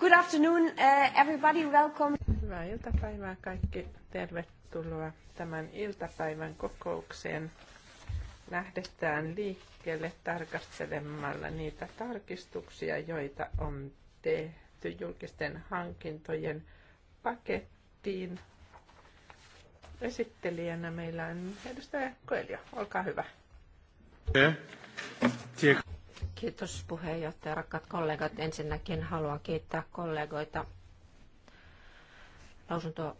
Good afternoon, uh, everybody. Welcome. Hyvää iltapäivää kaikki. Tervetuloa tämän iltapäivän kokoukseen. Lähdetään liikkeelle tarkastelemalla niitä tarkistuksia, joita on tehty julkisten hankintojen pakettiin. Esittelijänä meillä on edustaja Koelio. Olkaa hyvä. Kiitos puheenjohtaja, rakkaat kollegat. Ensinnäkin haluan kiittää kollegoita lausunto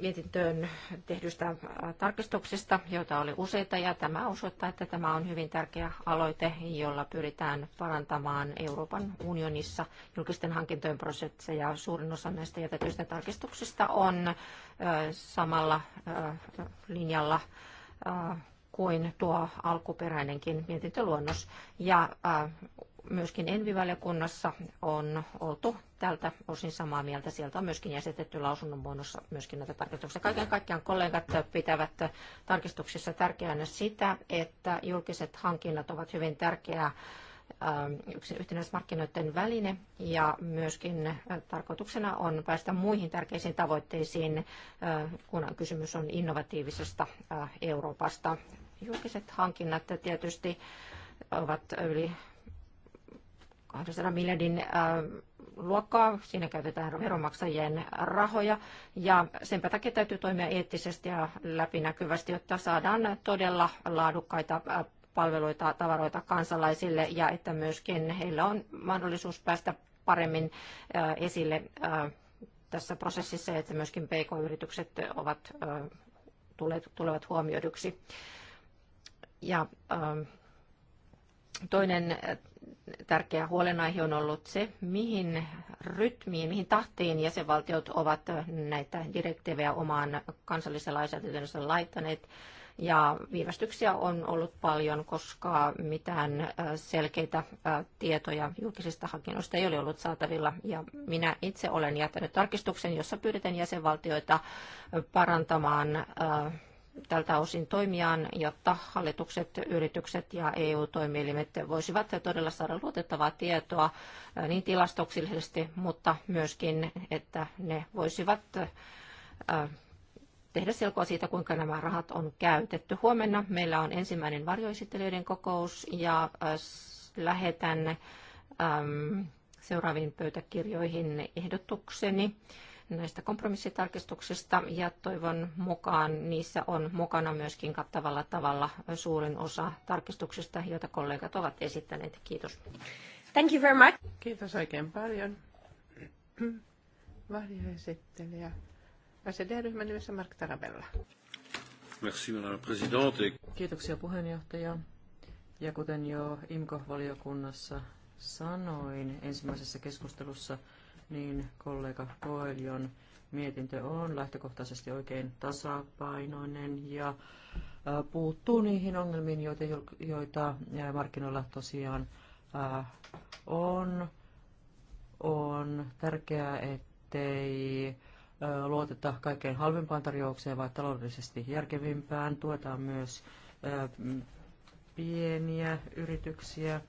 mietintöön tehdystä tarkistuksista, joita oli useita, ja tämä osoittaa, että tämä on hyvin tärkeä aloite, jolla pyritään parantamaan Euroopan unionissa julkisten hankintojen prosesseja. Suurin osa näistä jätetyistä tarkistuksista on samalla linjalla kuin tuo alkuperäinenkin mietintöluonnos. Ja äh, myöskin Envivaliokunnassa on oltu tältä osin samaa mieltä. Sieltä on myöskin jäsetetty lausunnon muodossa myöskin näitä tarkistuksia. Kaiken kaikkiaan kollegat pitävät tarkistuksissa tärkeänä sitä, että julkiset hankinnat ovat hyvin tärkeää äh, yhtenäismarkkinoiden väline ja myöskin äh, tarkoituksena on päästä muihin tärkeisiin tavoitteisiin, kun kysymys on innovatiivisesta Euroopasta. Julkiset hankinnat tietysti ovat yli 200 miljardin äh, luokkaa. Siinä käytetään veronmaksajien rahoja ja sen takia täytyy toimia eettisesti ja läpinäkyvästi, jotta saadaan todella laadukkaita äh, palveluita, tavaroita kansalaisille ja että myöskin heillä on mahdollisuus päästä paremmin äh, esille tässä prosessissa, että myöskin PK-yritykset ovat, tulevat huomioiduksi. Ja ähm, toinen äh, tärkeä huolenaihe on ollut se, mihin rytmiin, mihin tahtiin jäsenvaltiot ovat äh, näitä direktiivejä omaan kansalliseen lainsäädäntöönsä laittaneet. Ja viivästyksiä on ollut paljon, koska mitään äh, selkeitä tietoja julkisista hankinnoista ei ole ollut saatavilla. Ja minä itse olen jättänyt tarkistuksen, jossa pyydetään jäsenvaltioita parantamaan tältä osin toimiaan, jotta hallitukset, yritykset ja EU-toimielimet voisivat todella saada luotettavaa tietoa niin tilastoksellisesti, mutta myöskin, että ne voisivat tehdä selkoa siitä, kuinka nämä rahat on käytetty. Huomenna meillä on ensimmäinen varjoesittelijöiden kokous ja lähetän seuraaviin pöytäkirjoihin ehdotukseni näistä kompromissitarkistuksista ja toivon mukaan niissä on mukana myöskin kattavalla tavalla suurin osa tarkistuksista, joita kollegat ovat esittäneet. Kiitos. Thank you very much. Kiitos oikein paljon. Varjoesittelijä. SED-ryhmän nimessä Mark Tarabella. Merci, madame Kiitoksia puheenjohtaja. Ja kuten jo IMKO-valiokunnassa sanoin ensimmäisessä keskustelussa, niin kollega Koelion mietintö on lähtökohtaisesti oikein tasapainoinen ja äh, puuttuu niihin ongelmiin, joita, joita äh, markkinoilla tosiaan äh, on. On tärkeää, ettei luoteta kaikkein halvimpaan tarjoukseen, vaan taloudellisesti järkevimpään. Tuetaan myös pieniä yrityksiä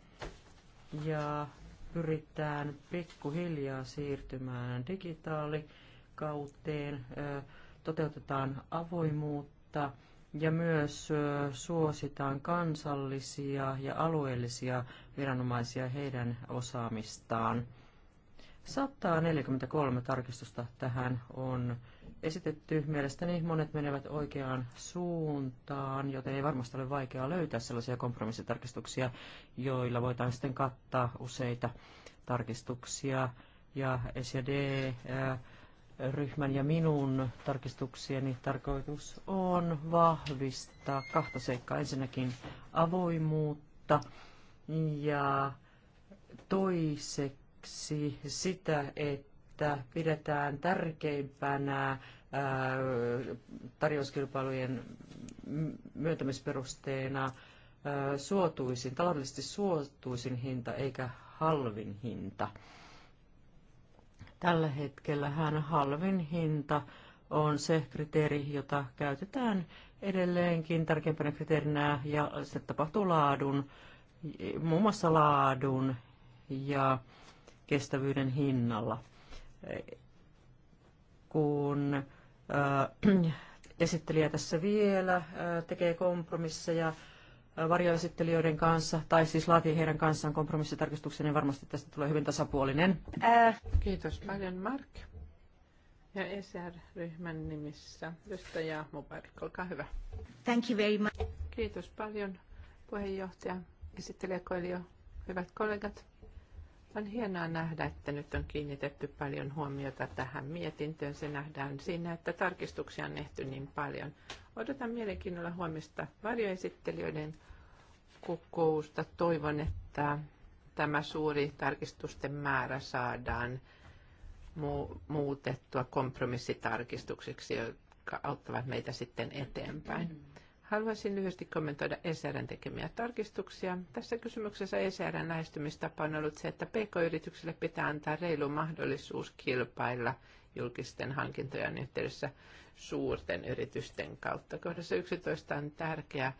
ja pyritään pikkuhiljaa siirtymään digitaalikauteen, toteutetaan avoimuutta ja myös suositaan kansallisia ja alueellisia viranomaisia heidän osaamistaan. 143 tarkistusta tähän on esitetty. Mielestäni monet menevät oikeaan suuntaan, joten ei varmasti ole vaikeaa löytää sellaisia kompromissitarkistuksia, joilla voitaisiin sitten kattaa useita tarkistuksia. Ja SD-ryhmän ja minun tarkistuksieni tarkoitus on vahvistaa kahta seikkaa. Ensinnäkin avoimuutta ja toiseksi sitä, että pidetään tärkeimpänä tarjouskilpailujen myöntämisperusteena suotuisin, taloudellisesti suotuisin hinta eikä halvin hinta. Tällä hetkellä hän halvin hinta on se kriteeri, jota käytetään edelleenkin tärkeimpänä kriteerinä ja se tapahtuu laadun, muun muassa laadun ja kestävyyden hinnalla. Kun Äh, esittelijä tässä vielä äh, tekee kompromisseja äh, varjoesittelijöiden kanssa, tai siis laatii heidän kanssaan kompromissitarkistuksen, niin varmasti tästä tulee hyvin tasapuolinen. Ää. Kiitos paljon Mark. Ja ESR-ryhmän nimissä ystäjä Mubarak, olkaa hyvä. Thank you very much. Kiitos paljon puheenjohtaja, esittelijä Koilio, hyvät kollegat. On hienoa nähdä, että nyt on kiinnitetty paljon huomiota tähän mietintöön. Se nähdään siinä, että tarkistuksia on nehty niin paljon. Odotan mielenkiinnolla huomista varjoesittelijöiden kokousta. Toivon, että tämä suuri tarkistusten määrä saadaan muutettua kompromissitarkistuksiksi, jotka auttavat meitä sitten eteenpäin. Haluaisin lyhyesti kommentoida ECRn tekemiä tarkistuksia. Tässä kysymyksessä ECRn lähestymistapa on ollut se, että PK-yrityksille pitää antaa reilu mahdollisuus kilpailla julkisten hankintojen yhteydessä suurten yritysten kautta. Kohdassa 11 on tärkeää,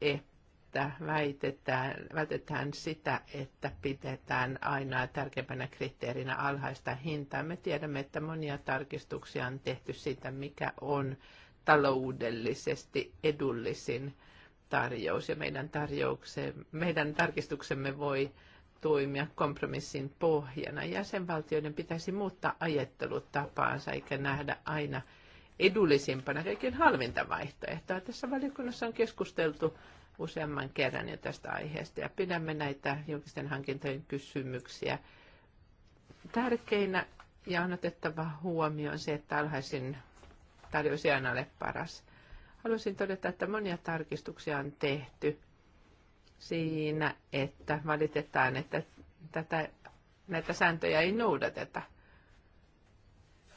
että väitetään, vältetään sitä, että pidetään aina tärkeimpänä kriteerinä alhaista hintaa. Me tiedämme, että monia tarkistuksia on tehty siitä, mikä on taloudellisesti edullisin tarjous ja meidän, meidän tarkistuksemme voi toimia kompromissin pohjana. Jäsenvaltioiden pitäisi muuttaa ajattelutapaansa eikä nähdä aina edullisimpana kaiken halvinta vaihtoehtoa. Tässä valiokunnassa on keskusteltu useamman kerran jo tästä aiheesta ja pidämme näitä julkisten hankintojen kysymyksiä tärkeinä ja on otettava huomioon se, että alhaisin tarjoisi aina ole paras. Haluaisin todeta, että monia tarkistuksia on tehty siinä, että valitetaan, että tätä, näitä sääntöjä ei noudateta.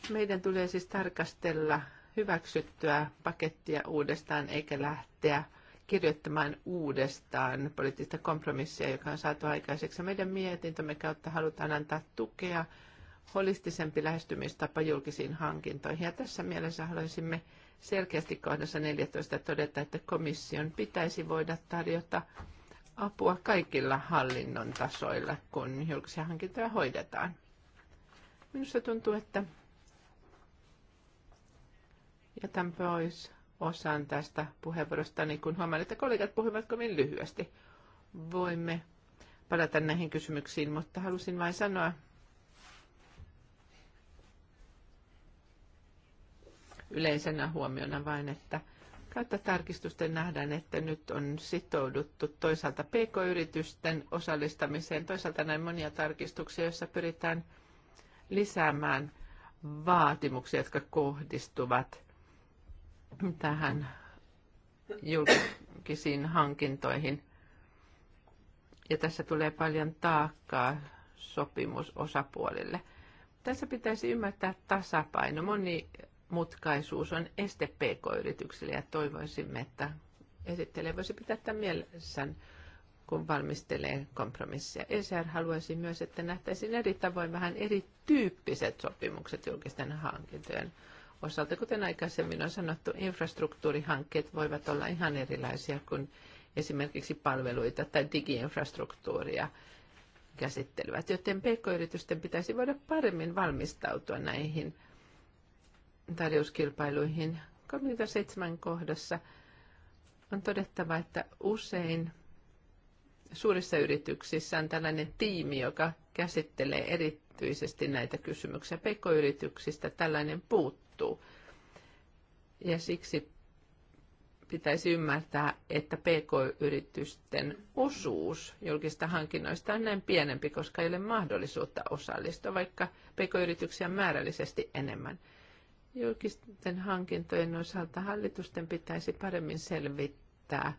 Meidän tulee siis tarkastella hyväksyttyä pakettia uudestaan eikä lähteä kirjoittamaan uudestaan poliittista kompromissia, joka on saatu aikaiseksi. Meidän mietintömme kautta halutaan antaa tukea holistisempi lähestymistapa julkisiin hankintoihin. Ja tässä mielessä haluaisimme selkeästi kohdassa 14 todeta, että komission pitäisi voida tarjota apua kaikilla hallinnon tasoilla, kun julkisia hankintoja hoidetaan. Minusta tuntuu, että jätän pois osan tästä puheenvuorosta, niin kun huomaan, että kollegat puhuivat kovin lyhyesti. Voimme palata näihin kysymyksiin, mutta halusin vain sanoa yleisenä huomiona vain, että kautta tarkistusten nähdään, että nyt on sitouduttu toisaalta pk-yritysten osallistamiseen, toisaalta näin monia tarkistuksia, joissa pyritään lisäämään vaatimuksia, jotka kohdistuvat tähän julkisiin hankintoihin. Ja tässä tulee paljon taakkaa sopimusosapuolille. Tässä pitäisi ymmärtää tasapaino. Moni monimutkaisuus on este PK-yrityksille ja toivoisimme, että esittelijä voisi pitää tämän mielessä, kun valmistelee kompromissia. ESR haluaisi myös, että nähtäisiin eri tavoin vähän erityyppiset sopimukset julkisten hankintojen osalta. Kuten aikaisemmin on sanottu, infrastruktuurihankkeet voivat olla ihan erilaisia kuin esimerkiksi palveluita tai digiinfrastruktuuria käsittelevät, joten pk-yritysten pitäisi voida paremmin valmistautua näihin – tarjouskilpailuihin. 37 kohdassa on todettava, että usein suurissa yrityksissä on tällainen tiimi, joka käsittelee erityisesti näitä kysymyksiä. pekoyrityksistä. tällainen puuttuu. Ja siksi pitäisi ymmärtää, että pk-yritysten osuus julkista hankinnoista on näin pienempi, koska ei ole mahdollisuutta osallistua, vaikka pk-yrityksiä on määrällisesti enemmän. Julkisten hankintojen osalta hallitusten pitäisi paremmin selvittää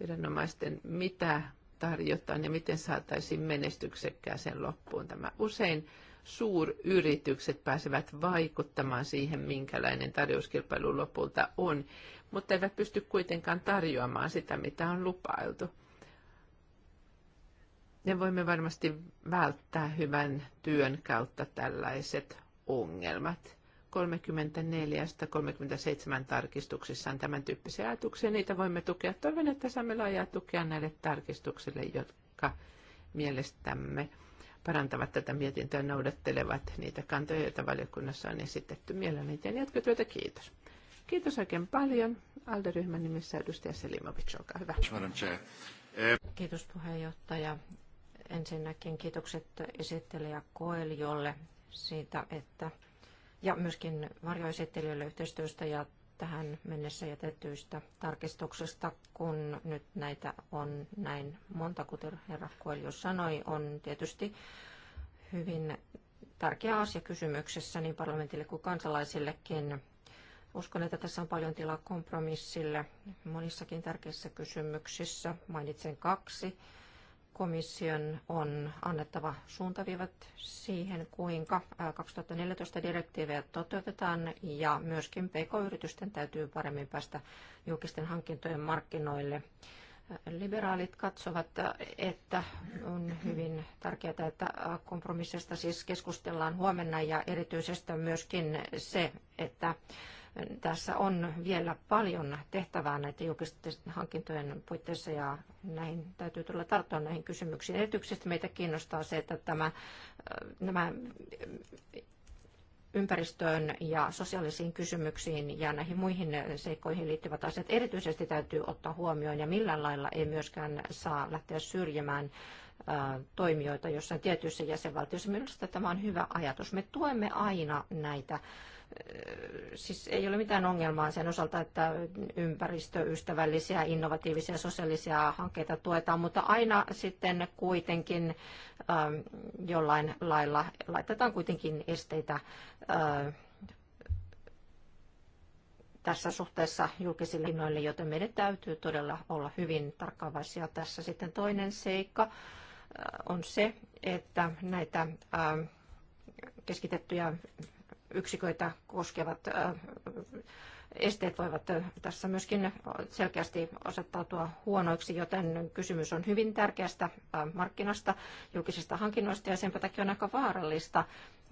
viranomaisten, mitä tarjotaan ja miten saataisiin menestyksekkää sen loppuun tämä. Usein suuryritykset pääsevät vaikuttamaan siihen, minkälainen tarjouskilpailu lopulta on, mutta eivät pysty kuitenkaan tarjoamaan sitä, mitä on lupailtu. Ne voimme varmasti välttää hyvän työn kautta tällaiset ongelmat. 34-37 tarkistuksissaan tämän tyyppisiä ajatuksia. Niitä voimme tukea. Toivon, että saamme laajaa tukea näille tarkistuksille, jotka mielestämme parantavat tätä mietintöä, noudattelevat niitä kantoja, joita valiokunnassa on esitetty. Mielelläni teen jatkotyötä. Kiitos. Kiitos oikein paljon. Alderyhmän nimissä edustaja Selimovic, olkaa hyvä. Kiitos puheenjohtaja. Ensinnäkin kiitokset esittelijä Koeljolle siitä, että ja myöskin varjoesittelijöille yhteistyöstä ja tähän mennessä jätetyistä tarkistuksesta, kun nyt näitä on näin monta, kuten herra Koelio sanoi, on tietysti hyvin tärkeä asia kysymyksessä niin parlamentille kuin kansalaisillekin. Uskon, että tässä on paljon tilaa kompromissille monissakin tärkeissä kysymyksissä. Mainitsen kaksi komission on annettava suuntaviivat siihen, kuinka 2014 direktiivejä toteutetaan ja myöskin PK-yritysten täytyy paremmin päästä julkisten hankintojen markkinoille. Liberaalit katsovat, että on hyvin tärkeää, että kompromissista siis keskustellaan huomenna ja erityisesti myöskin se, että tässä on vielä paljon tehtävää näiden julkisten hankintojen puitteissa ja näihin täytyy tulla tarttua näihin kysymyksiin. Erityisesti meitä kiinnostaa se, että tämä, äh, nämä ympäristöön ja sosiaalisiin kysymyksiin ja näihin muihin seikkoihin liittyvät asiat erityisesti täytyy ottaa huomioon ja millään lailla ei myöskään saa lähteä syrjimään äh, toimijoita jossain tietyissä jäsenvaltioissa. Minusta tämä on hyvä ajatus. Me tuemme aina näitä siis ei ole mitään ongelmaa sen osalta, että ympäristöystävällisiä, innovatiivisia, sosiaalisia hankkeita tuetaan, mutta aina sitten kuitenkin ähm, jollain lailla laitetaan kuitenkin esteitä äh, tässä suhteessa julkisille hinnoille, joten meidän täytyy todella olla hyvin tarkkaavaisia tässä. Sitten toinen seikka äh, on se, että näitä äh, keskitettyjä yksiköitä koskevat esteet voivat tässä myöskin selkeästi osoittautua huonoiksi, joten kysymys on hyvin tärkeästä markkinasta, julkisista hankinnoista ja sen takia on aika vaarallista,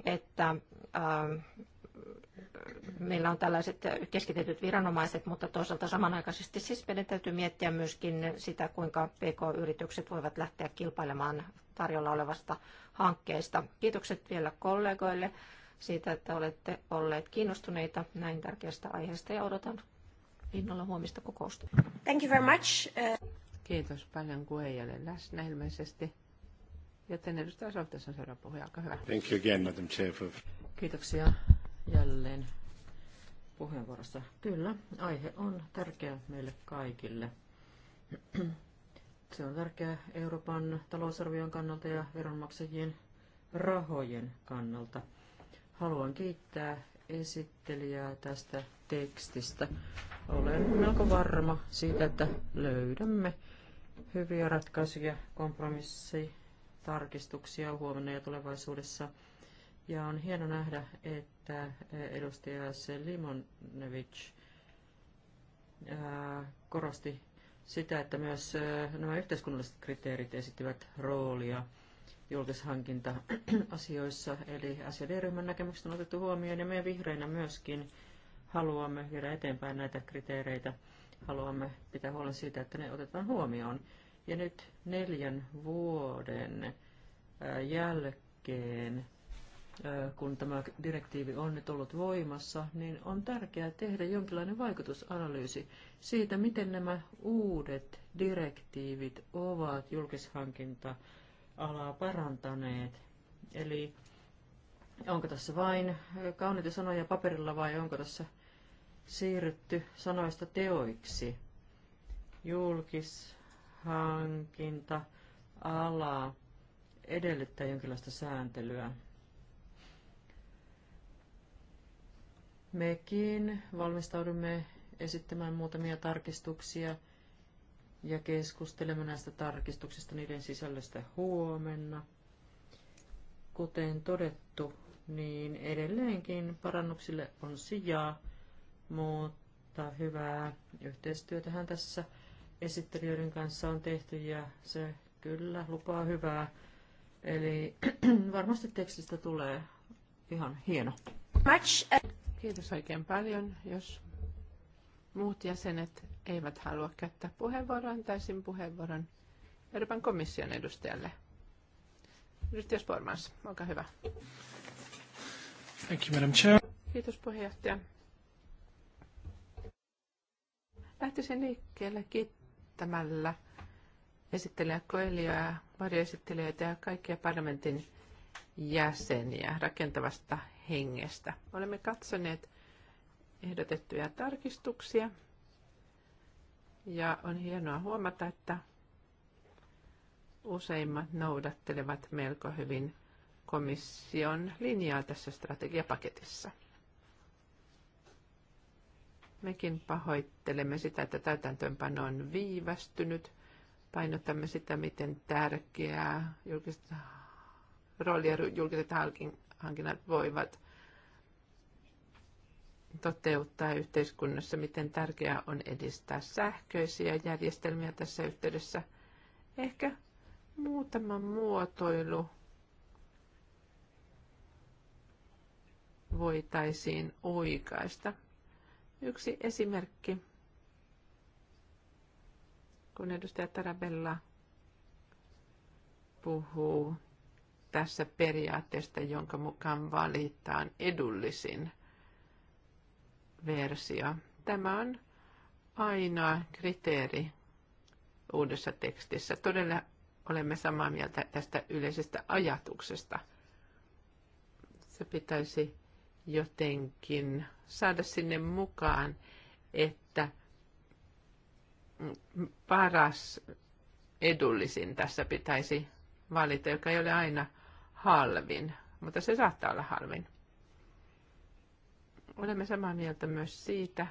että meillä on tällaiset keskitetyt viranomaiset, mutta toisaalta samanaikaisesti siis meidän täytyy miettiä myöskin sitä, kuinka PK-yritykset voivat lähteä kilpailemaan tarjolla olevasta hankkeesta. Kiitokset vielä kollegoille siitä, että olette olleet kiinnostuneita näin tärkeästä aiheesta ja odotan innolla huomista kokousta. Thank you very much. Uh... Kiitos paljon, kun ei ole läsnä ilmeisesti. Joten edustaja Soltes on seuraava puhuja, olkaa hyvä. Thank you again, Madam Chair. For... Kiitoksia jälleen puheenvuorossa. Kyllä, aihe on tärkeä meille kaikille. Se on tärkeä Euroopan talousarvion kannalta ja veronmaksajien rahojen kannalta. Haluan kiittää esittelijää tästä tekstistä. Olen melko varma siitä, että löydämme hyviä ratkaisuja, kompromissitarkistuksia huomenna ja tulevaisuudessa. Ja on hieno nähdä, että edustaja Selimonovic korosti sitä, että myös nämä yhteiskunnalliset kriteerit esittivät roolia – julkishankinta-asioissa, eli SED-ryhmän näkemykset on otettu huomioon, ja me vihreinä myöskin haluamme viedä eteenpäin näitä kriteereitä, haluamme pitää huolen siitä, että ne otetaan huomioon. Ja nyt neljän vuoden äh, jälkeen, äh, kun tämä direktiivi on nyt ollut voimassa, niin on tärkeää tehdä jonkinlainen vaikutusanalyysi siitä, miten nämä uudet direktiivit ovat julkishankinta alaa parantaneet. Eli onko tässä vain kauniita sanoja paperilla vai onko tässä siirrytty sanoista teoiksi? Julkishankinta, ala edellyttää jonkinlaista sääntelyä. Mekin valmistaudumme esittämään muutamia tarkistuksia – ja keskustelemme näistä tarkistuksista niiden sisällöstä huomenna. Kuten todettu, niin edelleenkin parannuksille on sijaa, mutta hyvää yhteistyötähän tässä esittelijöiden kanssa on tehty ja se kyllä lupaa hyvää. Eli varmasti tekstistä tulee ihan hieno. Uh, Kiitos oikein paljon, jos muut jäsenet eivät halua käyttää puheenvuoroa, antaisin puheenvuoron Euroopan komission edustajalle. Edustaja Spormans, olkaa hyvä. Thank you, Madam Chair. Kiitos puheenjohtaja. Lähtisin liikkeelle kiittämällä esittelijä Koelioa, varjoesittelijöitä ja kaikkia parlamentin jäseniä rakentavasta hengestä. Olemme katsoneet ehdotettuja tarkistuksia ja on hienoa huomata, että useimmat noudattelevat melko hyvin komission linjaa tässä strategiapaketissa. Mekin pahoittelemme sitä, että täytäntöönpano on viivästynyt. Painotamme sitä, miten tärkeää julkiset roolia julkiset hankinnat voivat toteuttaa yhteiskunnassa, miten tärkeää on edistää sähköisiä järjestelmiä tässä yhteydessä. Ehkä muutama muotoilu voitaisiin oikaista. Yksi esimerkki, kun edustaja Tarabella puhuu tässä periaatteesta, jonka mukaan valitaan edullisin – versio. Tämä on ainoa kriteeri uudessa tekstissä. Todella olemme samaa mieltä tästä yleisestä ajatuksesta. Se pitäisi jotenkin saada sinne mukaan, että paras edullisin tässä pitäisi valita, joka ei ole aina halvin, mutta se saattaa olla halvin. Olemme samaa mieltä myös siitä,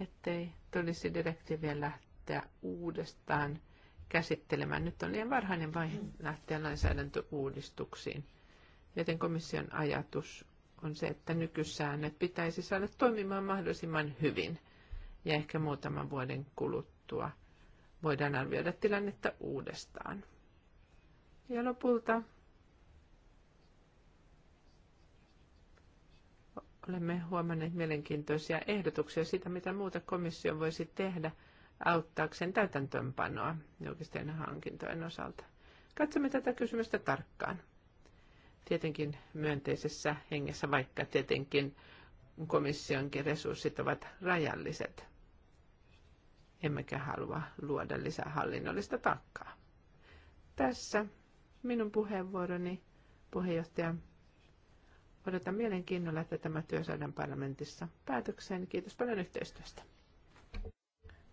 ettei tulisi direktiiviä lähteä uudestaan käsittelemään. Nyt on liian varhainen vaihe lähteä lainsäädäntöuudistuksiin, joten komission ajatus on se, että nykysäännöt pitäisi saada toimimaan mahdollisimman hyvin ja ehkä muutaman vuoden kuluttua voidaan arvioida tilannetta uudestaan. Ja lopulta olemme huomanneet mielenkiintoisia ehdotuksia siitä, mitä muuta komissio voisi tehdä auttaakseen täytäntöönpanoa julkisten hankintojen osalta. Katsomme tätä kysymystä tarkkaan. Tietenkin myönteisessä hengessä, vaikka tietenkin komissionkin resurssit ovat rajalliset. Emmekä halua luoda lisää hallinnollista taakkaa. Tässä minun puheenvuoroni puheenjohtaja Odotan mielenkiinnolla, että tämä työ saadaan parlamentissa päätökseen. Kiitos paljon yhteistyöstä.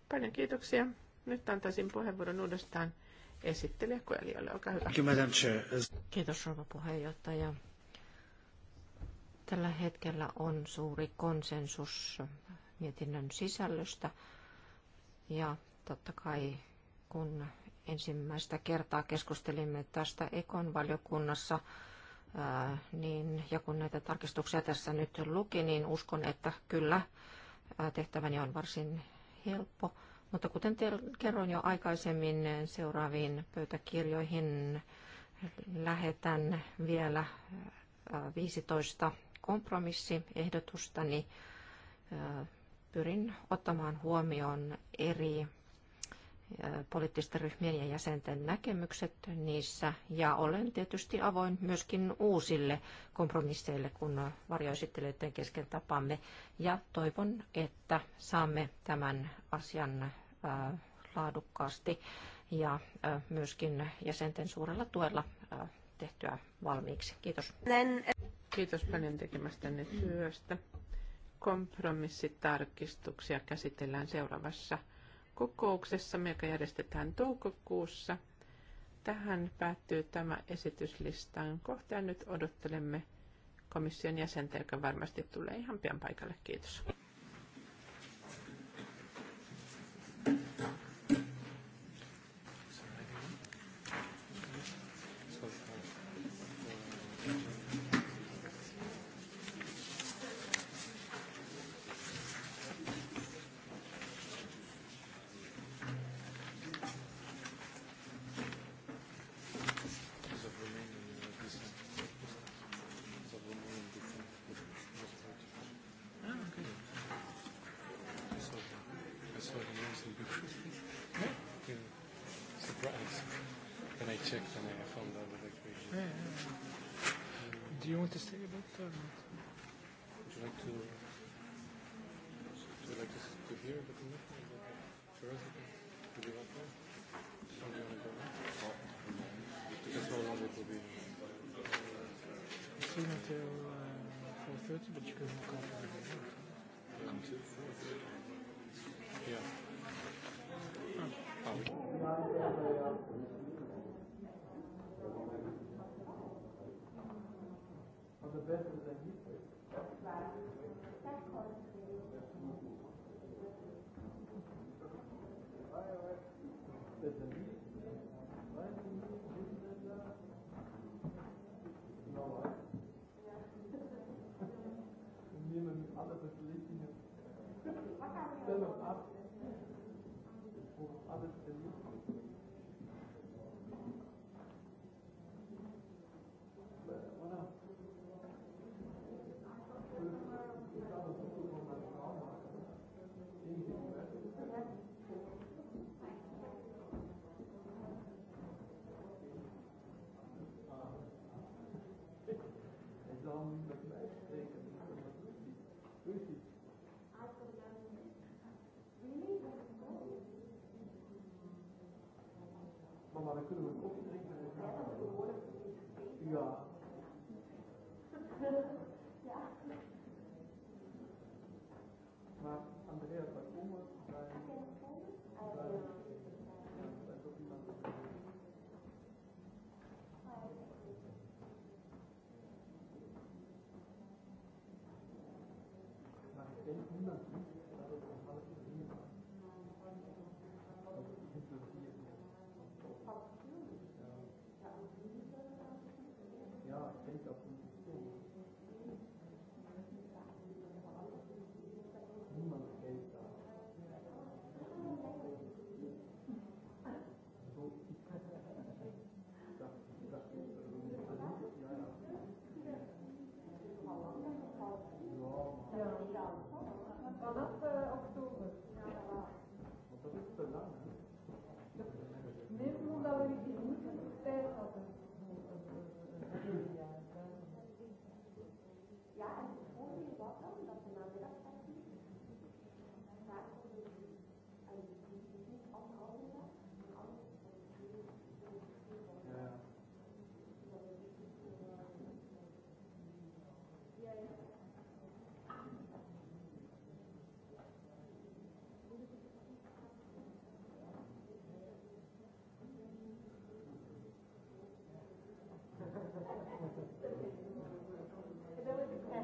Paljon kiitoksia. Nyt antaisin puheenvuoron uudestaan esittelijä Koelijoille. Olkaa hyvä. Kiitos rouva puheenjohtaja. Tällä hetkellä on suuri konsensus mietinnön sisällöstä ja totta kai kun ensimmäistä kertaa keskustelimme tästä Ekon valiokunnassa, niin, ja kun näitä tarkistuksia tässä nyt luki, niin uskon, että kyllä tehtäväni on varsin helppo. Mutta kuten kerroin jo aikaisemmin, seuraaviin pöytäkirjoihin lähetän vielä 15 kompromissiehdotustani. Niin, pyrin ottamaan huomioon eri poliittisten ryhmien ja jäsenten näkemykset niissä. Ja olen tietysti avoin myöskin uusille kompromisseille, kun varjoesittelijöiden kesken tapamme. Ja toivon, että saamme tämän asian laadukkaasti ja myöskin jäsenten suurella tuella tehtyä valmiiksi. Kiitos. Kiitos paljon tekemästänne työstä. Kompromissitarkistuksia käsitellään seuraavassa kokouksessa, joka järjestetään toukokuussa. Tähän päättyy tämä esityslistan kohta ja nyt odottelemme komission jäsentä, joka varmasti tulee ihan pian paikalle. Kiitos. check the name the Do you want to say about that? Would you like to, would you like to, to hear the commitment? you do you want to go Because how long it will be? It's until uh, 4.30, but you can come. Until 4.30? Yeah. Thank you.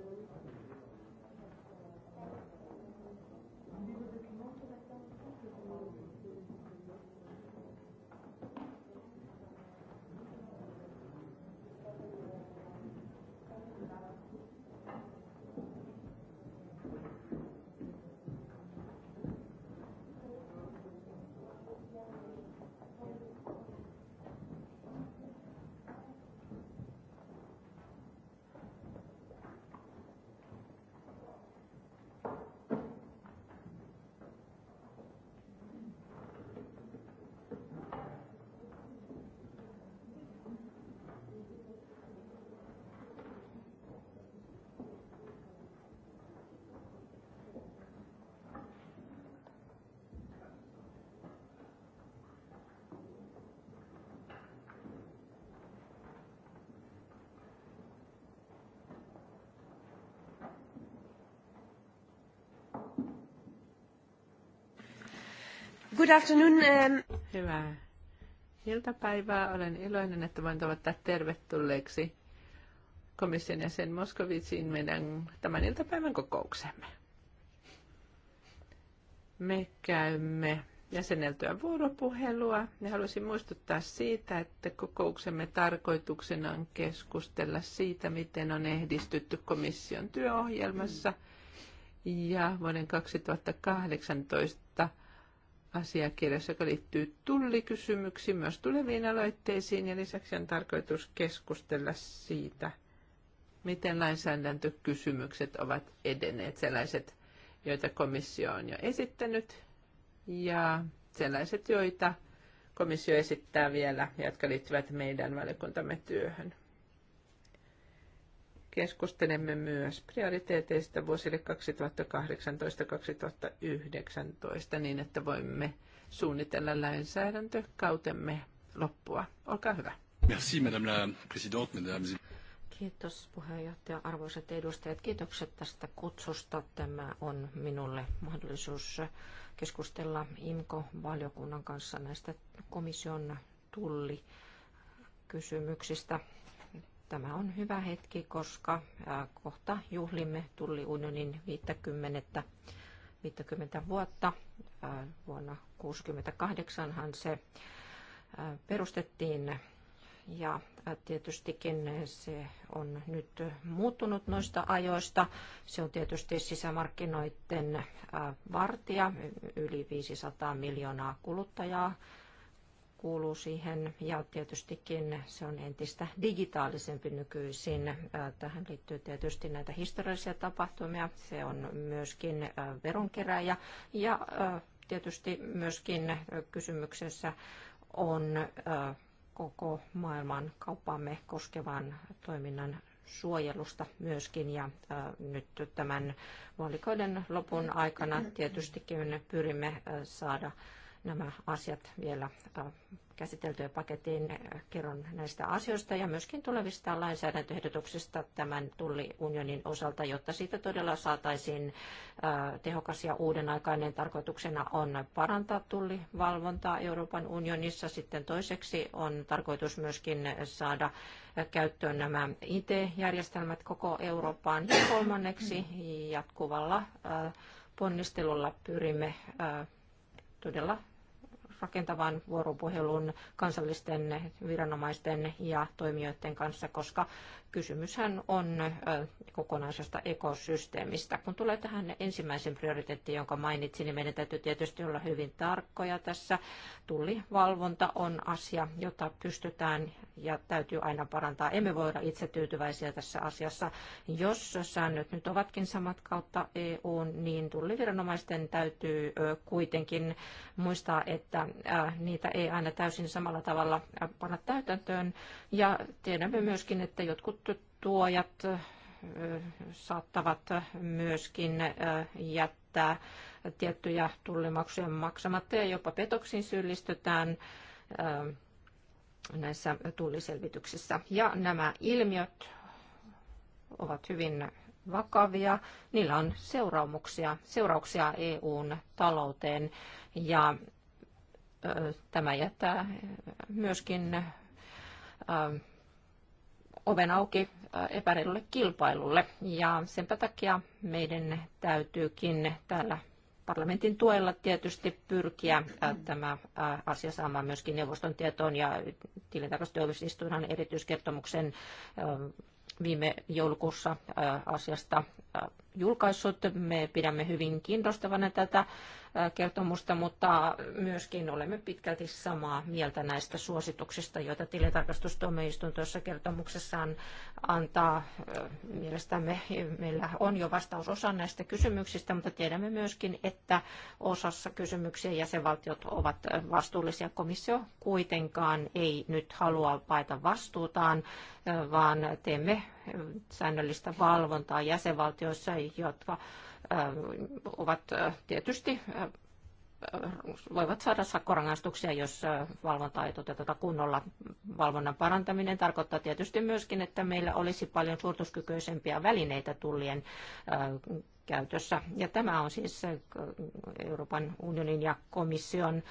Thank you. good afternoon. Um... Hyvää iltapäivää. Olen iloinen, että voin toivottaa tervetulleeksi komission jäsen Moskovitsiin meidän tämän iltapäivän kokouksemme. Me käymme jäseneltyä vuoropuhelua ja haluaisin muistuttaa siitä, että kokouksemme tarkoituksena on keskustella siitä, miten on ehdistytty komission työohjelmassa ja vuoden 2018 asiakirjassa, joka liittyy tullikysymyksiin, myös tuleviin aloitteisiin ja lisäksi on tarkoitus keskustella siitä, miten lainsäädäntökysymykset ovat edenneet, sellaiset, joita komissio on jo esittänyt ja sellaiset, joita komissio esittää vielä, jotka liittyvät meidän valiokuntamme työhön. Keskustelemme myös prioriteeteista vuosille 2018-2019 niin, että voimme suunnitella lainsäädäntökautemme loppua. Olkaa hyvä. Merci, madame la présidente, mesdames Kiitos puheenjohtaja, arvoisat edustajat. Kiitokset tästä kutsusta. Tämä on minulle mahdollisuus keskustella IMKO-valiokunnan kanssa näistä komission tullikysymyksistä. Tämä on hyvä hetki, koska kohta juhlimme tulliunionin 50, 50 vuotta. Vuonna 1968han se perustettiin ja tietystikin se on nyt muuttunut noista ajoista. Se on tietysti sisämarkkinoiden vartija, yli 500 miljoonaa kuluttajaa kuuluu siihen ja tietystikin se on entistä digitaalisempi nykyisin. Äh, tähän liittyy tietysti näitä historiallisia tapahtumia, se on myöskin äh, veronkeräjä ja äh, tietysti myöskin kysymyksessä on koko maailman kauppaamme koskevan toiminnan suojelusta myöskin ja nyt tämän vaalikauden lopun aikana tietystikin pyrimme saada nämä asiat vielä äh, käsiteltyä pakettiin. Kerron näistä asioista ja myöskin tulevista lainsäädäntöehdotuksista tämän tulliunionin osalta, jotta siitä todella saataisiin äh, tehokas ja uudenaikainen. Tarkoituksena on parantaa tullivalvontaa Euroopan unionissa. Sitten toiseksi on tarkoitus myöskin saada käyttöön nämä IT-järjestelmät koko Eurooppaan. Ja kolmanneksi jatkuvalla äh, ponnistelulla pyrimme todella rakentavan vuoropuhelun kansallisten viranomaisten ja toimijoiden kanssa, koska Kysymyshän on kokonaisesta ekosysteemistä. Kun tulee tähän ensimmäisen prioriteettiin, jonka mainitsin, niin meidän täytyy tietysti olla hyvin tarkkoja tässä. Tullivalvonta on asia, jota pystytään ja täytyy aina parantaa. Emme voi olla itse tyytyväisiä tässä asiassa. Jos säännöt nyt ovatkin samat kautta EU, niin tulliviranomaisten täytyy kuitenkin muistaa, että niitä ei aina täysin samalla tavalla panna täytäntöön. Ja tiedämme myöskin, että jotkut tuojat saattavat myöskin jättää tiettyjä tullimaksuja maksamatta ja jopa petoksiin syyllistytään näissä tulliselvityksissä. Ja nämä ilmiöt ovat hyvin vakavia. Niillä on seuraamuksia, seurauksia EUn talouteen ja tämä jättää myöskin oven auki äh, epäreilulle kilpailulle. Ja sen takia meidän täytyykin täällä parlamentin tuella tietysti pyrkiä äh, tämä äh, asia saamaan myöskin neuvoston tietoon ja tilintarkastustoimistoistuinhan erityiskertomuksen viime joulukuussa asiasta julkaissut. Me pidämme hyvin kiinnostavana tätä kertomusta, mutta myöskin olemme pitkälti samaa mieltä näistä suosituksista, joita tilintarkastustuomioistuin tuossa kertomuksessaan antaa. Mielestämme meillä on jo vastaus osa näistä kysymyksistä, mutta tiedämme myöskin, että osassa kysymyksiä jäsenvaltiot ovat vastuullisia. Komissio kuitenkaan ei nyt halua paeta vastuutaan, vaan teemme säännöllistä valvontaa jäsenvaltioissa, jotka ovat tietysti voivat saada sakkorangaistuksia, jos valvonta ei toteuteta kunnolla. Valvonnan parantaminen tarkoittaa tietysti myöskin, että meillä olisi paljon suurtuskykyisempiä välineitä tullien käytössä. Ja tämä on siis Euroopan unionin ja komission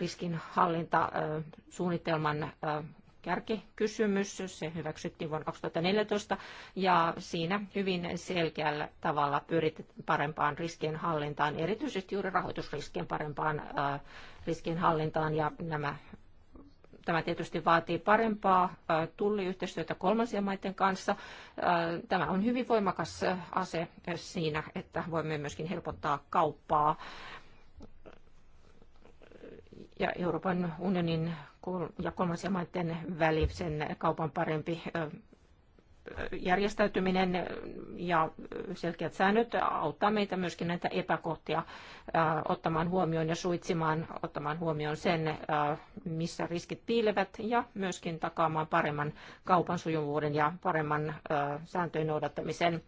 riskinhallintasuunnitelman kärkikysymys. Se hyväksyttiin vuonna 2014 ja siinä hyvin selkeällä tavalla pyritään parempaan riskien hallintaan, erityisesti juuri rahoitusriskien parempaan äh, riskien hallintaan ja nämä Tämä tietysti vaatii parempaa äh, tulliyhteistyötä kolmansien maiden kanssa. Äh, tämä on hyvin voimakas ase siinä, että voimme myöskin helpottaa kauppaa. Ja Euroopan unionin ja kolmansien maiden välisen kaupan parempi järjestäytyminen ja selkeät säännöt auttaa meitä myöskin näitä epäkohtia ottamaan huomioon ja suitsimaan, ottamaan huomioon sen, missä riskit piilevät ja myöskin takaamaan paremman kaupan sujuvuuden ja paremman sääntöjen noudattamisen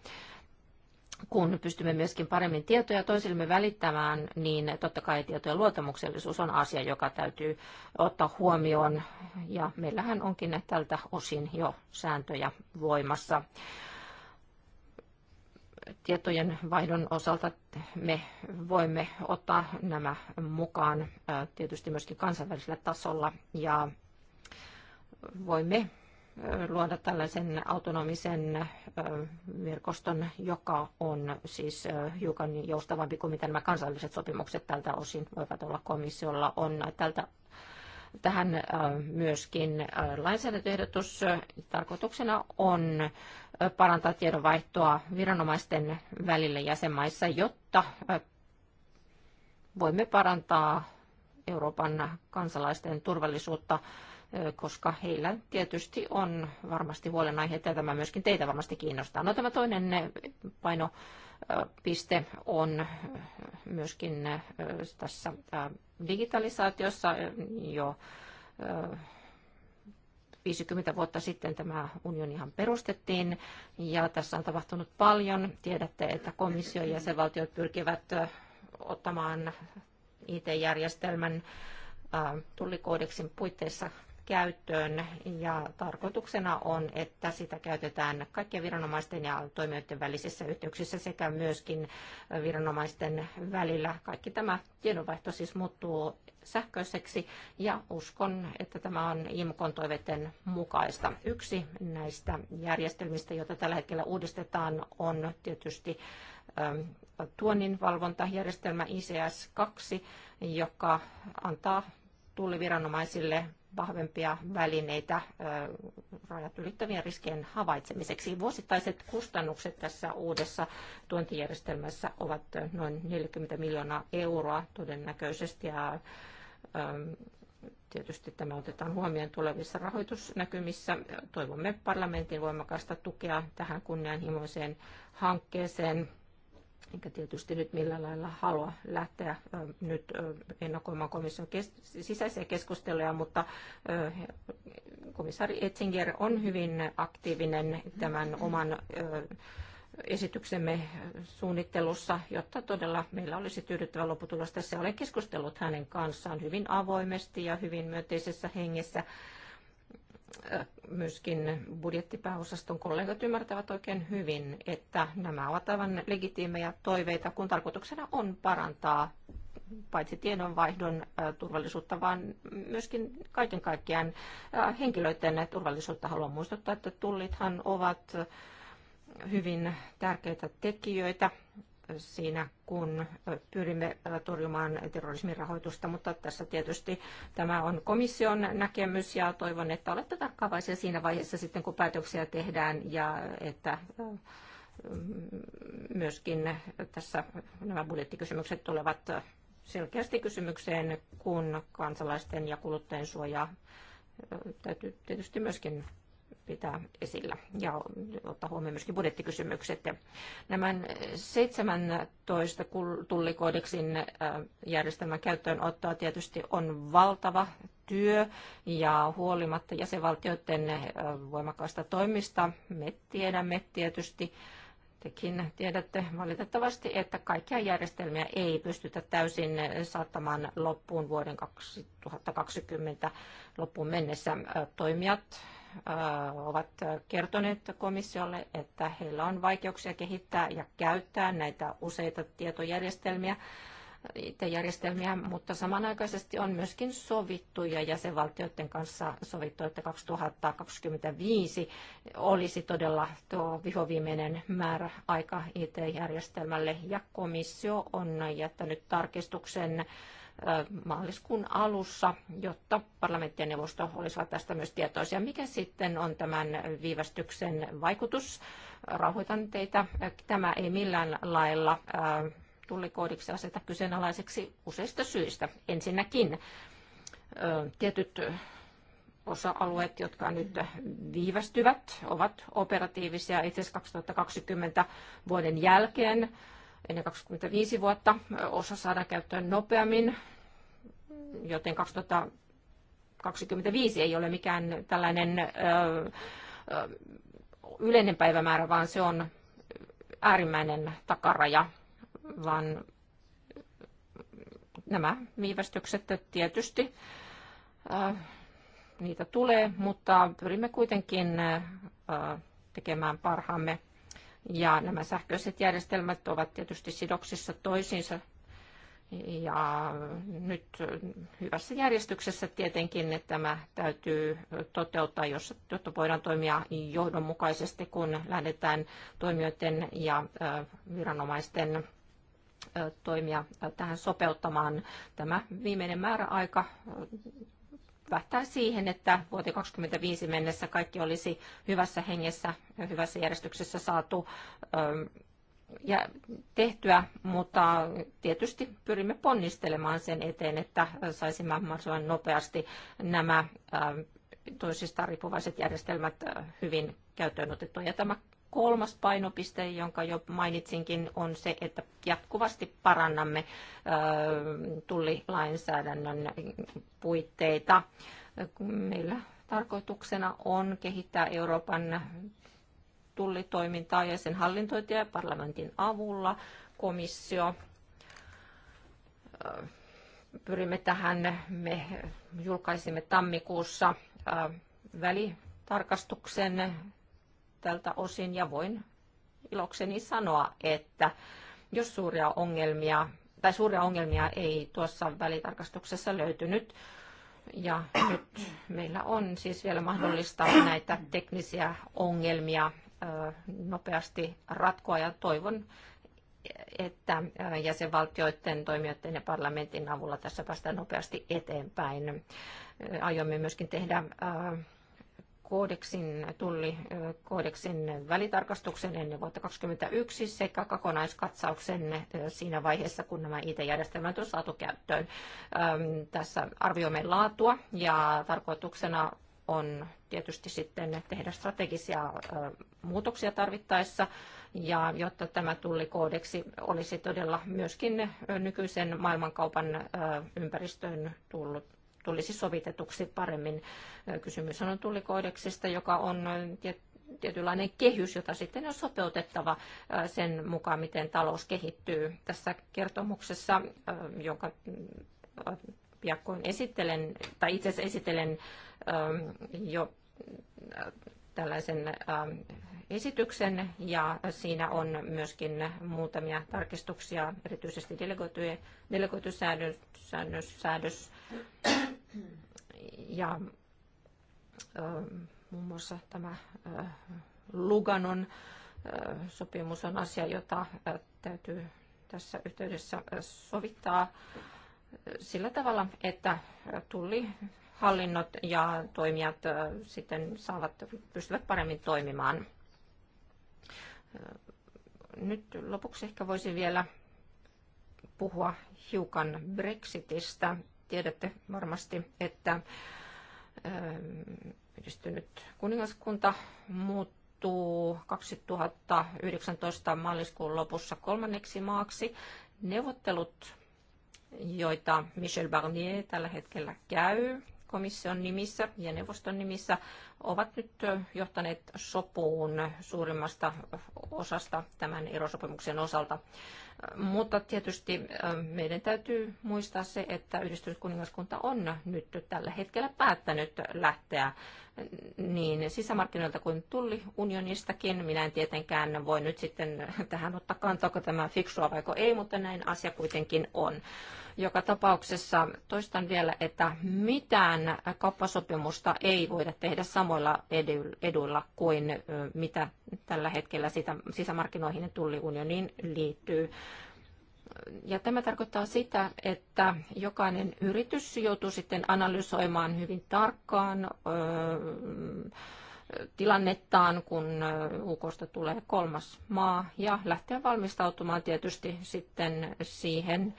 kun pystymme myöskin paremmin tietoja toisillemme välittämään, niin totta kai tietojen luottamuksellisuus on asia, joka täytyy ottaa huomioon. Ja meillähän onkin tältä osin jo sääntöjä voimassa. Tietojen vaihdon osalta me voimme ottaa nämä mukaan tietysti myöskin kansainvälisellä tasolla ja voimme luoda tällaisen autonomisen verkoston, joka on siis hiukan joustavampi kuin mitä nämä kansalliset sopimukset tältä osin voivat olla komissiolla. On tältä tähän myöskin lainsäädäntöehdotus. Tarkoituksena on parantaa tiedonvaihtoa viranomaisten välillä jäsenmaissa, jotta voimme parantaa Euroopan kansalaisten turvallisuutta koska heillä tietysti on varmasti huolenaiheita ja tämä myöskin teitä varmasti kiinnostaa. No tämä toinen painopiste on myöskin tässä digitalisaatiossa jo 50 vuotta sitten tämä unionihan perustettiin ja tässä on tapahtunut paljon. Tiedätte, että komissio ja jäsenvaltiot pyrkivät ottamaan IT-järjestelmän tullikoodeksin puitteissa käyttöön ja tarkoituksena on, että sitä käytetään kaikkien viranomaisten ja toimijoiden välisissä yhteyksissä sekä myöskin viranomaisten välillä. Kaikki tämä tiedonvaihto siis muuttuu sähköiseksi ja uskon, että tämä on IMKon toiveiden mukaista. Yksi näistä järjestelmistä, joita tällä hetkellä uudistetaan, on tietysti ähm, tuonnin valvontajärjestelmä ICS2, joka antaa tulliviranomaisille vahvempia välineitä rajat ylittävien riskien havaitsemiseksi. Vuosittaiset kustannukset tässä uudessa tuontijärjestelmässä ovat noin 40 miljoonaa euroa todennäköisesti ja tietysti tämä otetaan huomioon tulevissa rahoitusnäkymissä. Toivomme parlamentin voimakasta tukea tähän kunnianhimoiseen hankkeeseen enkä tietysti nyt millään lailla halua lähteä nyt ennakoimaan komission kes- sisäisiä keskusteluja, mutta komissaari Etzinger on hyvin aktiivinen tämän oman esityksemme suunnittelussa, jotta todella meillä olisi tyydyttävä lopputulos tässä. Olen keskustellut hänen kanssaan hyvin avoimesti ja hyvin myönteisessä hengessä myöskin budjettipääosaston kollegat ymmärtävät oikein hyvin, että nämä ovat aivan legitiimejä toiveita, kun tarkoituksena on parantaa paitsi tiedonvaihdon turvallisuutta, vaan myöskin kaiken kaikkiaan henkilöiden turvallisuutta. Haluan muistuttaa, että tullithan ovat hyvin tärkeitä tekijöitä siinä, kun pyrimme torjumaan terrorismin rahoitusta, mutta tässä tietysti tämä on komission näkemys ja toivon, että olette tarkkaavaisia siinä vaiheessa sitten, kun päätöksiä tehdään ja että mm, myöskin tässä nämä budjettikysymykset tulevat selkeästi kysymykseen, kun kansalaisten ja kuluttajien suojaa täytyy tietysti myöskin pitää esillä ja ottaa huomioon myöskin budjettikysymykset. Nämä 17 tullikoodeksin äh, järjestelmän käyttöönottoa tietysti on valtava työ ja huolimatta jäsenvaltioiden äh, voimakkaasta toimista me tiedämme tietysti, tekin tiedätte valitettavasti, että kaikkia järjestelmiä ei pystytä täysin saattamaan loppuun vuoden 2020 loppuun mennessä. Äh, toimijat ovat kertoneet komissiolle, että heillä on vaikeuksia kehittää ja käyttää näitä useita tietojärjestelmiä IT-järjestelmiä, mutta samanaikaisesti on myöskin sovittu ja jäsenvaltioiden kanssa sovittu, että 2025 olisi todella tuo vihoviimeinen määrä aika IT-järjestelmälle ja komissio on jättänyt tarkistuksen maaliskuun alussa, jotta parlamentti ja neuvosto olisivat tästä myös tietoisia. Mikä sitten on tämän viivästyksen vaikutus? Rauhoitan teitä. Tämä ei millään lailla tullikoodiksi aseta kyseenalaiseksi useista syistä. Ensinnäkin tietyt osa-alueet, jotka nyt viivästyvät, ovat operatiivisia itse asiassa 2020 vuoden jälkeen ennen 25 vuotta. Osa saadaan käyttöön nopeammin, joten 2025 ei ole mikään tällainen ö, ö, yleinen päivämäärä, vaan se on äärimmäinen takaraja, vaan nämä viivästykset tietysti ö, niitä tulee, mutta pyrimme kuitenkin tekemään parhaamme ja nämä sähköiset järjestelmät ovat tietysti sidoksissa toisiinsa ja nyt hyvässä järjestyksessä tietenkin tämä täytyy toteuttaa, jos, jotta voidaan toimia johdonmukaisesti, kun lähdetään toimijoiden ja viranomaisten toimia tähän sopeuttamaan. Tämä viimeinen määräaika tähtää siihen, että vuoteen 2025 mennessä kaikki olisi hyvässä hengessä, hyvässä järjestyksessä saatu ähm, ja tehtyä, mutta tietysti pyrimme ponnistelemaan sen eteen, että saisimme mahdollisimman nopeasti nämä ähm, toisistaan riippuvaiset järjestelmät äh, hyvin käyttöön otettua. Ja tämä kolmas painopiste, jonka jo mainitsinkin, on se, että jatkuvasti parannamme tullilainsäädännön puitteita. Meillä tarkoituksena on kehittää Euroopan tullitoimintaa ja sen hallintointia parlamentin avulla. Komissio pyrimme tähän, me julkaisimme tammikuussa välitarkastuksen tältä osin ja voin ilokseni sanoa, että jos suuria ongelmia tai suuria ongelmia ei tuossa välitarkastuksessa löytynyt, ja nyt meillä on siis vielä mahdollista näitä teknisiä ongelmia nopeasti ratkoa ja toivon, että jäsenvaltioiden, toimijoiden ja parlamentin avulla tässä päästään nopeasti eteenpäin. Aiomme myöskin tehdä koodeksin, koodeksin välitarkastuksen ennen vuotta 2021 sekä kokonaiskatsauksen siinä vaiheessa, kun nämä IT-järjestelmät on saatu käyttöön. Tässä arvioimme laatua ja tarkoituksena on tietysti sitten tehdä strategisia muutoksia tarvittaessa, ja jotta tämä tullikoodeksi olisi todella myöskin nykyisen maailmankaupan ympäristöön tullut tulisi sovitetuksi paremmin. Kysymys on tullikoodeksista, joka on tietynlainen kehys, jota sitten on sopeutettava sen mukaan, miten talous kehittyy. Tässä kertomuksessa, jonka piakkoin esittelen, tai itse asiassa esittelen jo tällaisen esityksen ja siinä on myöskin muutamia tarkistuksia, erityisesti delegoitusäädös, säädös, ja muun mm. muassa tämä Luganon sopimus on asia, jota täytyy tässä yhteydessä sovittaa sillä tavalla, että tulli hallinnot ja toimijat sitten saavat, pystyvät paremmin toimimaan. Nyt lopuksi ehkä voisin vielä puhua hiukan Brexitistä Tiedätte varmasti, että ähm, yhdistynyt kuningaskunta muuttuu 2019 maaliskuun lopussa kolmanneksi maaksi. Neuvottelut, joita Michel Barnier tällä hetkellä käy komission nimissä ja neuvoston nimissä ovat nyt johtaneet sopuun suurimmasta osasta tämän erosopimuksen osalta. Mutta tietysti meidän täytyy muistaa se, että yhdistynyt kuningaskunta on nyt tällä hetkellä päättänyt lähteä niin sisämarkkinoilta kuin unionistakin, Minä en tietenkään voi nyt sitten tähän ottaa kantaa, onko tämä fiksua vai ei, mutta näin asia kuitenkin on. Joka tapauksessa toistan vielä, että mitään kauppasopimusta ei voida tehdä samoilla eduilla kuin mitä tällä hetkellä sitä sisämarkkinoihin ja tulliunioniin liittyy. Ja tämä tarkoittaa sitä, että jokainen yritys joutuu sitten analysoimaan hyvin tarkkaan tilannettaan, kun UKsta tulee kolmas maa ja lähtee valmistautumaan tietysti sitten siihen.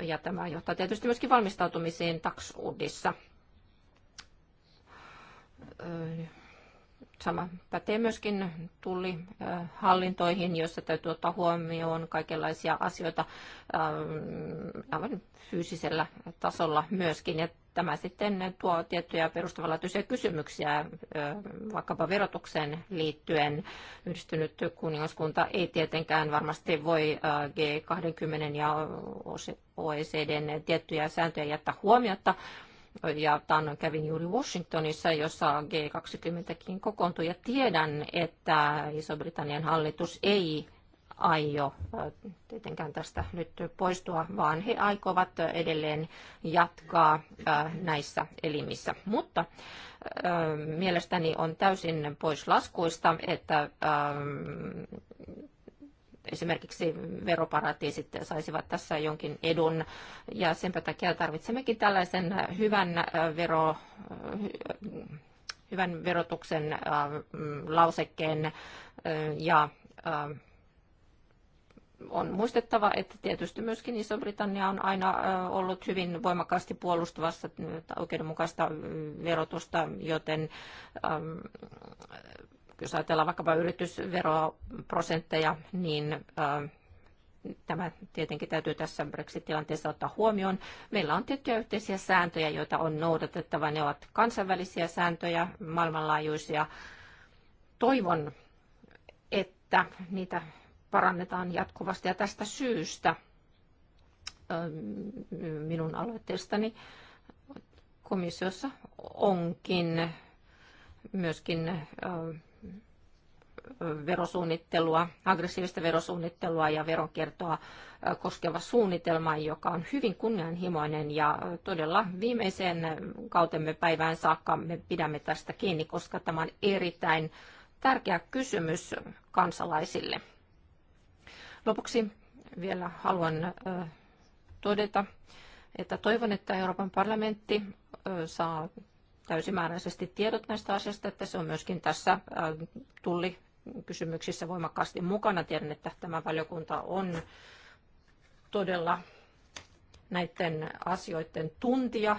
Ja tämä johtaa tietysti myöskin valmistautumiseen taksuudissa. Sama pätee myöskin tullihallintoihin, joissa täytyy ottaa huomioon kaikenlaisia asioita ähm, aivan fyysisellä tasolla myöskin. Ja tämä sitten tuo tiettyjä perustavanlaatuisia kysymyksiä äh, vaikkapa verotukseen liittyen. Yhdistynyt kuningaskunta ei tietenkään varmasti voi äh, G20 ja OECDn tiettyjä sääntöjä jättää huomiota, ja tannoin kävin juuri Washingtonissa, jossa G20kin kokoontui ja tiedän, että Iso-Britannian hallitus ei aio tietenkään tästä nyt poistua, vaan he aikovat edelleen jatkaa näissä elimissä. Mutta mielestäni on täysin pois laskuista, että esimerkiksi veroparatiisit saisivat tässä jonkin edun. Ja senpä takia tarvitsemmekin tällaisen hyvän äh, vero hyvän verotuksen äh, mm, lausekkeen äh, ja on muistettava, että tietysti myöskin Iso-Britannia on aina ollut hyvin voimakkaasti puolustavassa oikeudenmukaista verotusta, joten ähm, jos ajatellaan vaikkapa yritysveroprosentteja, niin tämä tietenkin täytyy tässä Brexit-tilanteessa ottaa huomioon. Meillä on tiettyjä yhteisiä sääntöjä, joita on noudatettava. Ne ovat kansainvälisiä sääntöjä, maailmanlaajuisia. Toivon, että niitä parannetaan jatkuvasti ja tästä syystä minun aloitteestani komissiossa onkin myöskin verosuunnittelua, aggressiivista verosuunnittelua ja veronkiertoa koskeva suunnitelma, joka on hyvin kunnianhimoinen ja todella viimeiseen kautemme päivään saakka me pidämme tästä kiinni, koska tämä on erittäin tärkeä kysymys kansalaisille. Lopuksi vielä haluan todeta, että toivon, että Euroopan parlamentti saa täysimääräisesti tiedot näistä asioista, että se on myöskin tässä tulli kysymyksissä voimakkaasti mukana. Tiedän, että tämä valiokunta on todella näiden asioiden tuntija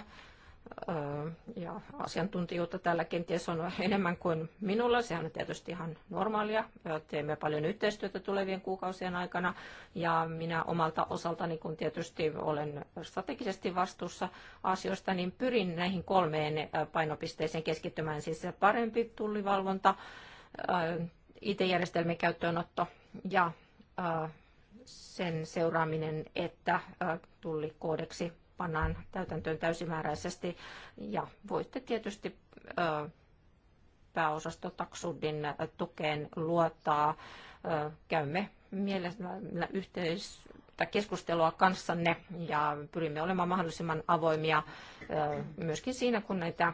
ja asiantuntijuutta tällä kenties on enemmän kuin minulla. Sehän on tietysti ihan normaalia. Teemme paljon yhteistyötä tulevien kuukausien aikana ja minä omalta osaltani, kun tietysti olen strategisesti vastuussa asioista, niin pyrin näihin kolmeen painopisteeseen keskittymään. Siis parempi tullivalvonta, IT-järjestelmien käyttöönotto ja sen seuraaminen, että tullikoodeksi pannaan täytäntöön täysimääräisesti. Ja voitte tietysti pääosasto Taksudin tukeen luottaa. Käymme mielellä yhteis- tätä keskustelua kanssanne ja pyrimme olemaan mahdollisimman avoimia myöskin siinä, kun näitä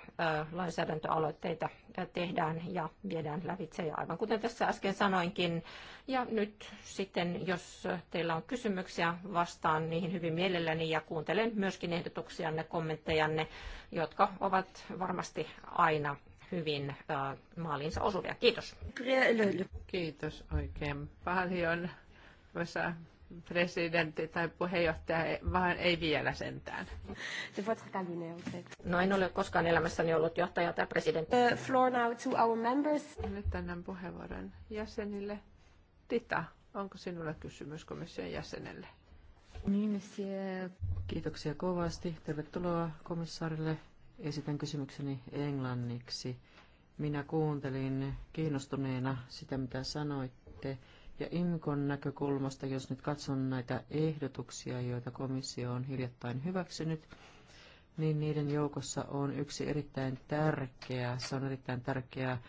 lainsäädäntöaloitteita tehdään ja viedään lävitse. Ja aivan kuten tässä äsken sanoinkin, ja nyt sitten, jos teillä on kysymyksiä, vastaan niihin hyvin mielelläni ja kuuntelen myöskin ehdotuksianne, kommenttejanne, jotka ovat varmasti aina hyvin maaliinsa osuvia. Kiitos. Kiitos oikein paljon. Vasa presidentti tai puheenjohtaja, vaan ei vielä sentään. No en ole koskaan elämässäni ollut johtaja tai presidentti. The floor now to our members. Nyt annan puheenvuoron jäsenille. Tita, onko sinulla kysymys komission jäsenelle? Niin, Kiitoksia kovasti. Tervetuloa komissaarille. Esitän kysymykseni englanniksi. Minä kuuntelin kiinnostuneena sitä, mitä sanoitte. Ja IMKON näkökulmasta, jos nyt katson näitä ehdotuksia, joita komissio on hiljattain hyväksynyt, niin niiden joukossa on yksi erittäin tärkeä, se on erittäin tärkeä äh,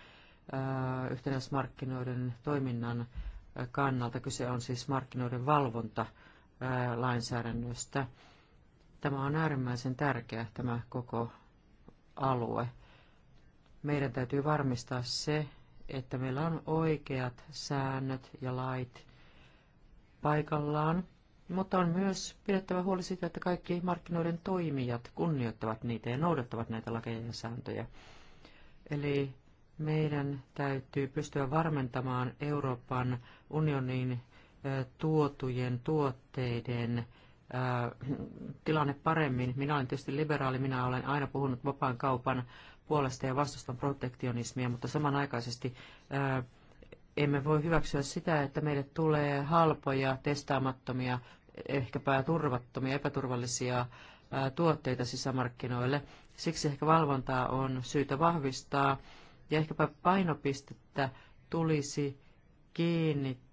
yhtenäismarkkinoiden toiminnan äh, kannalta. Kyse on siis markkinoiden valvonta äh, lainsäädännöstä. Tämä on äärimmäisen tärkeä tämä koko alue. Meidän täytyy varmistaa se, että meillä on oikeat säännöt ja lait paikallaan, mutta on myös pidettävä huoli siitä, että kaikki markkinoiden toimijat kunnioittavat niitä ja noudattavat näitä lakeja ja sääntöjä. Eli meidän täytyy pystyä varmentamaan Euroopan unionin tuotujen tuotteiden tilanne paremmin. Minä olen tietysti liberaali, minä olen aina puhunut vapaan kaupan puolesta ja vastustan protektionismia, mutta samanaikaisesti emme voi hyväksyä sitä, että meille tulee halpoja, testaamattomia, ehkäpä turvattomia, epäturvallisia tuotteita sisämarkkinoille. Siksi ehkä valvontaa on syytä vahvistaa ja ehkäpä painopistettä tulisi kiinnittää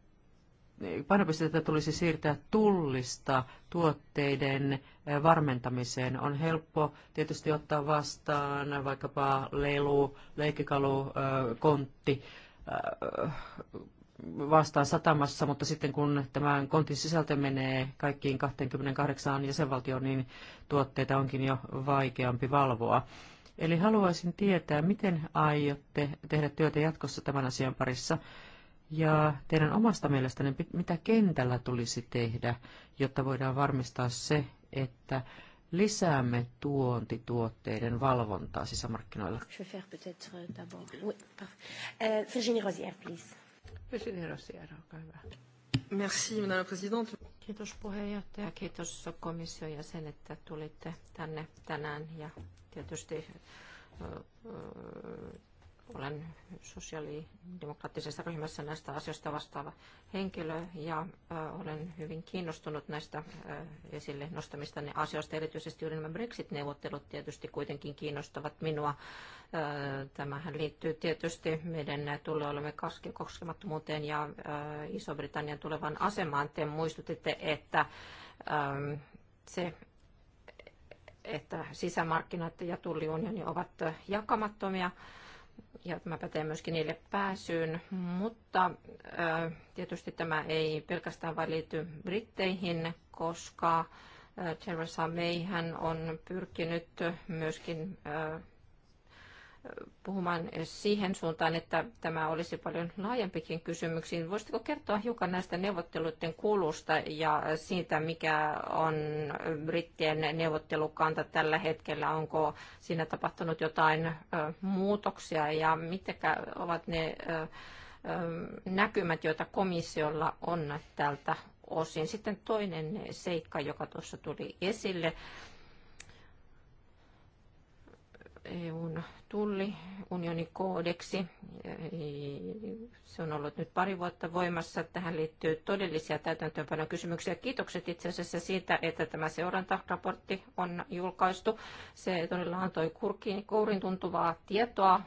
painopistettä tulisi siirtää tullista tuotteiden eh, varmentamiseen. On helppo tietysti ottaa vastaan vaikkapa lelu, leikkikalu, eh, kontti eh, vastaan satamassa, mutta sitten kun tämän kontin sisältö menee kaikkiin 28 jäsenvaltioon, niin tuotteita onkin jo vaikeampi valvoa. Eli haluaisin tietää, miten aiotte tehdä työtä jatkossa tämän asian parissa ja teidän omasta mielestänne, mitä kentällä tulisi tehdä, jotta voidaan varmistaa se, että lisäämme tuontituotteiden valvontaa sisämarkkinoilla? Euh, euh, Virginie Rosière, please. Virginie Rosière, olkaa hyvä. Merci, madame la présidente. Kiitos puheenjohtaja, kiitos komission ja sen, että tulitte tänne tänään ja tietysti olen sosiaalidemokraattisessa ryhmässä näistä asioista vastaava henkilö ja olen hyvin kiinnostunut näistä esille nostamista asioista. Erityisesti juuri nämä Brexit-neuvottelut tietysti kuitenkin kiinnostavat minua. Tämähän liittyy tietysti meidän tulee olemme koskemattomuuteen ja Iso-Britannian tulevan asemaan. Te muistutitte, että se että sisämarkkinat ja tulliunioni ovat jakamattomia ja tämä pätee myöskin niille pääsyyn, mutta tietysti tämä ei pelkästään vain liity britteihin, koska Theresa May hän on pyrkinyt myöskin puhumaan siihen suuntaan, että tämä olisi paljon laajempikin kysymyksiin. Voisitko kertoa hiukan näistä neuvotteluiden kulusta ja siitä, mikä on brittien neuvottelukanta tällä hetkellä? Onko siinä tapahtunut jotain muutoksia ja mitkä ovat ne näkymät, joita komissiolla on tältä osin? Sitten toinen seikka, joka tuossa tuli esille. EUn tulliunionikoodeksi. Se on ollut nyt pari vuotta voimassa. Tähän liittyy todellisia täytäntöönpanon kysymyksiä. Kiitokset itse asiassa siitä, että tämä seurantaraportti on julkaistu. Se todella antoi kourin tuntuvaa tietoa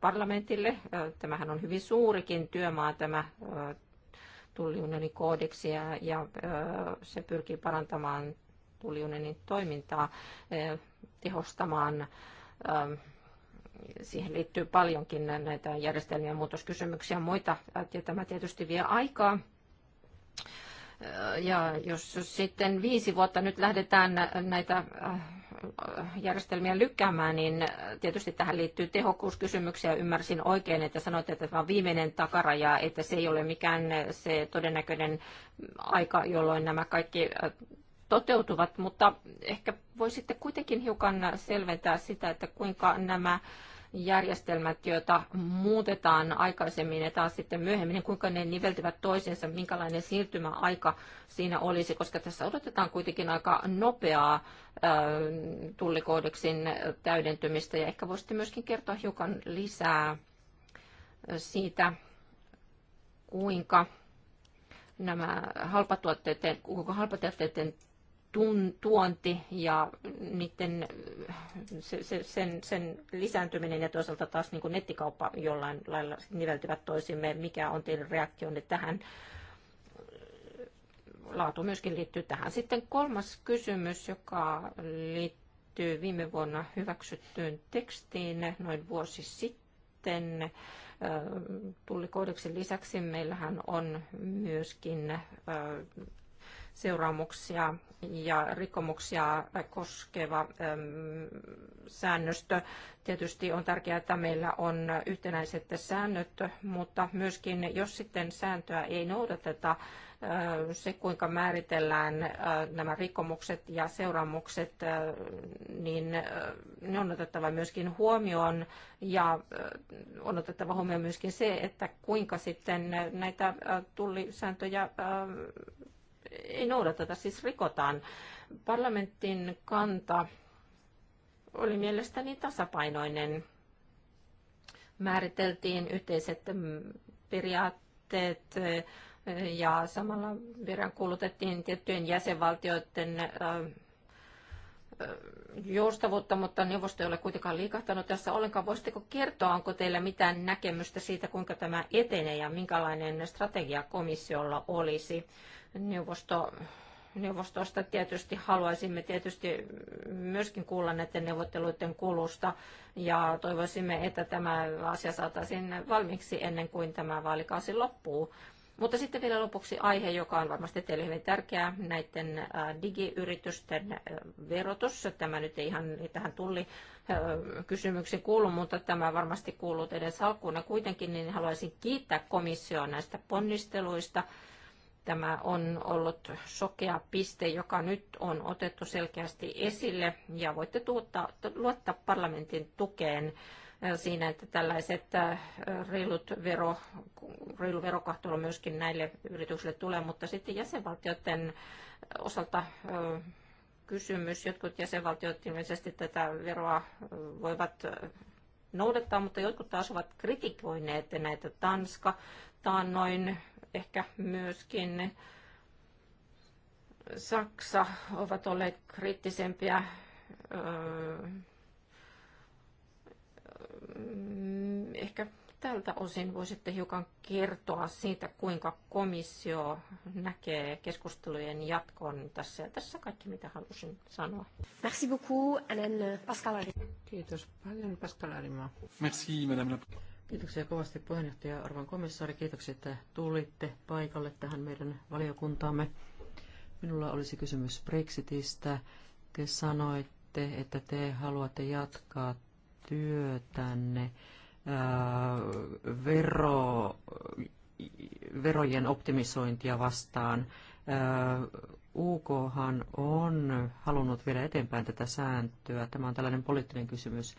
parlamentille. Tämähän on hyvin suurikin työmaa tämä tulliunionikoodeksi ja, ja se pyrkii parantamaan tulliunionin toimintaa, tehostamaan siihen liittyy paljonkin näitä järjestelmien muutoskysymyksiä ja muita. Ja tämä tietysti vie aikaa. Ja jos sitten viisi vuotta nyt lähdetään näitä äh, järjestelmiä lykkäämään, niin tietysti tähän liittyy tehokkuuskysymyksiä. Ymmärsin oikein, että sanoit, että tämä on viimeinen takaraja, että se ei ole mikään se todennäköinen aika, jolloin nämä kaikki äh, toteutuvat, mutta ehkä voisitte kuitenkin hiukan selventää sitä, että kuinka nämä järjestelmät, joita muutetaan aikaisemmin ja taas sitten myöhemmin, niin kuinka ne niveltyvät toisiinsa, minkälainen siirtymäaika siinä olisi, koska tässä odotetaan kuitenkin aika nopeaa tullikoodeksin täydentymistä ja ehkä voisitte myöskin kertoa hiukan lisää siitä, kuinka nämä halpatuotteiden, kuinka halpatuotteiden tuonti ja niiden, se, se, sen, sen lisääntyminen ja toisaalta taas niin kuin nettikauppa jollain lailla niveltyvät toisimme. Mikä on teidän reaktionne tähän? Laatu myöskin liittyy tähän. Sitten kolmas kysymys, joka liittyy viime vuonna hyväksyttyyn tekstiin noin vuosi sitten. Tullikoodeksi lisäksi meillähän on myöskin seuraamuksia ja rikkomuksia koskeva säännöstö. Tietysti on tärkeää, että meillä on yhtenäiset säännöt, mutta myöskin jos sitten sääntöä ei noudateta, äh, se kuinka määritellään äh, nämä rikkomukset ja seuraamukset, äh, niin ne on otettava myöskin huomioon ja on otettava huomioon myöskin se, että kuinka sitten näitä tullisääntöjä ei noudateta, siis rikotaan. Parlamentin kanta oli mielestäni tasapainoinen. Määriteltiin yhteiset mm, periaatteet eh, ja samalla kuulutettiin tiettyjen jäsenvaltioiden eh, eh, joustavuutta, mutta neuvosto ei ole kuitenkaan liikahtanut tässä ollenkaan. Voisitteko kertoa, onko teillä mitään näkemystä siitä, kuinka tämä etenee ja minkälainen strategia komissiolla olisi? neuvosto neuvostosta tietysti haluaisimme tietysti myöskin kuulla näiden neuvotteluiden kulusta ja toivoisimme, että tämä asia saataisiin valmiiksi ennen kuin tämä vaalikausi loppuu. Mutta sitten vielä lopuksi aihe, joka on varmasti teille hyvin tärkeä, näiden äh, digiyritysten äh, verotus. Tämä nyt ei ihan tähän tulli äh, kysymyksiin kuulu, mutta tämä varmasti kuuluu teidän salkkuun. Ja kuitenkin niin haluaisin kiittää komissioon näistä ponnisteluista Tämä on ollut sokea piste, joka nyt on otettu selkeästi esille ja voitte tuottaa, luottaa parlamentin tukeen äh, siinä, että tällaiset äh, reilut vero, reilu verokohtelu myöskin näille yrityksille tulee, mutta sitten jäsenvaltioiden äh, osalta kysymys. Jotkut jäsenvaltiot ilmeisesti tätä veroa voivat noudattaa, mutta jotkut taas ovat kritikoineet näitä Tanska noin ehkä myöskin Saksa ovat olleet kriittisempiä mm, ehkä tältä osin voisitte hiukan kertoa siitä, kuinka komissio näkee keskustelujen jatkon tässä. Ja tässä kaikki, mitä halusin sanoa. Merci beaucoup, Kiitos paljon, Pascalarima. Merci, madame la Kiitoksia kovasti puheenjohtaja Arvan komissaari. Kiitoksia, että tulitte paikalle tähän meidän valiokuntaamme. Minulla olisi kysymys Brexitistä. Te sanoitte, että te haluatte jatkaa työtänne ää, äh, vero, verojen optimisointia vastaan. Ää, äh, on halunnut viedä eteenpäin tätä sääntöä. Tämä on tällainen poliittinen kysymys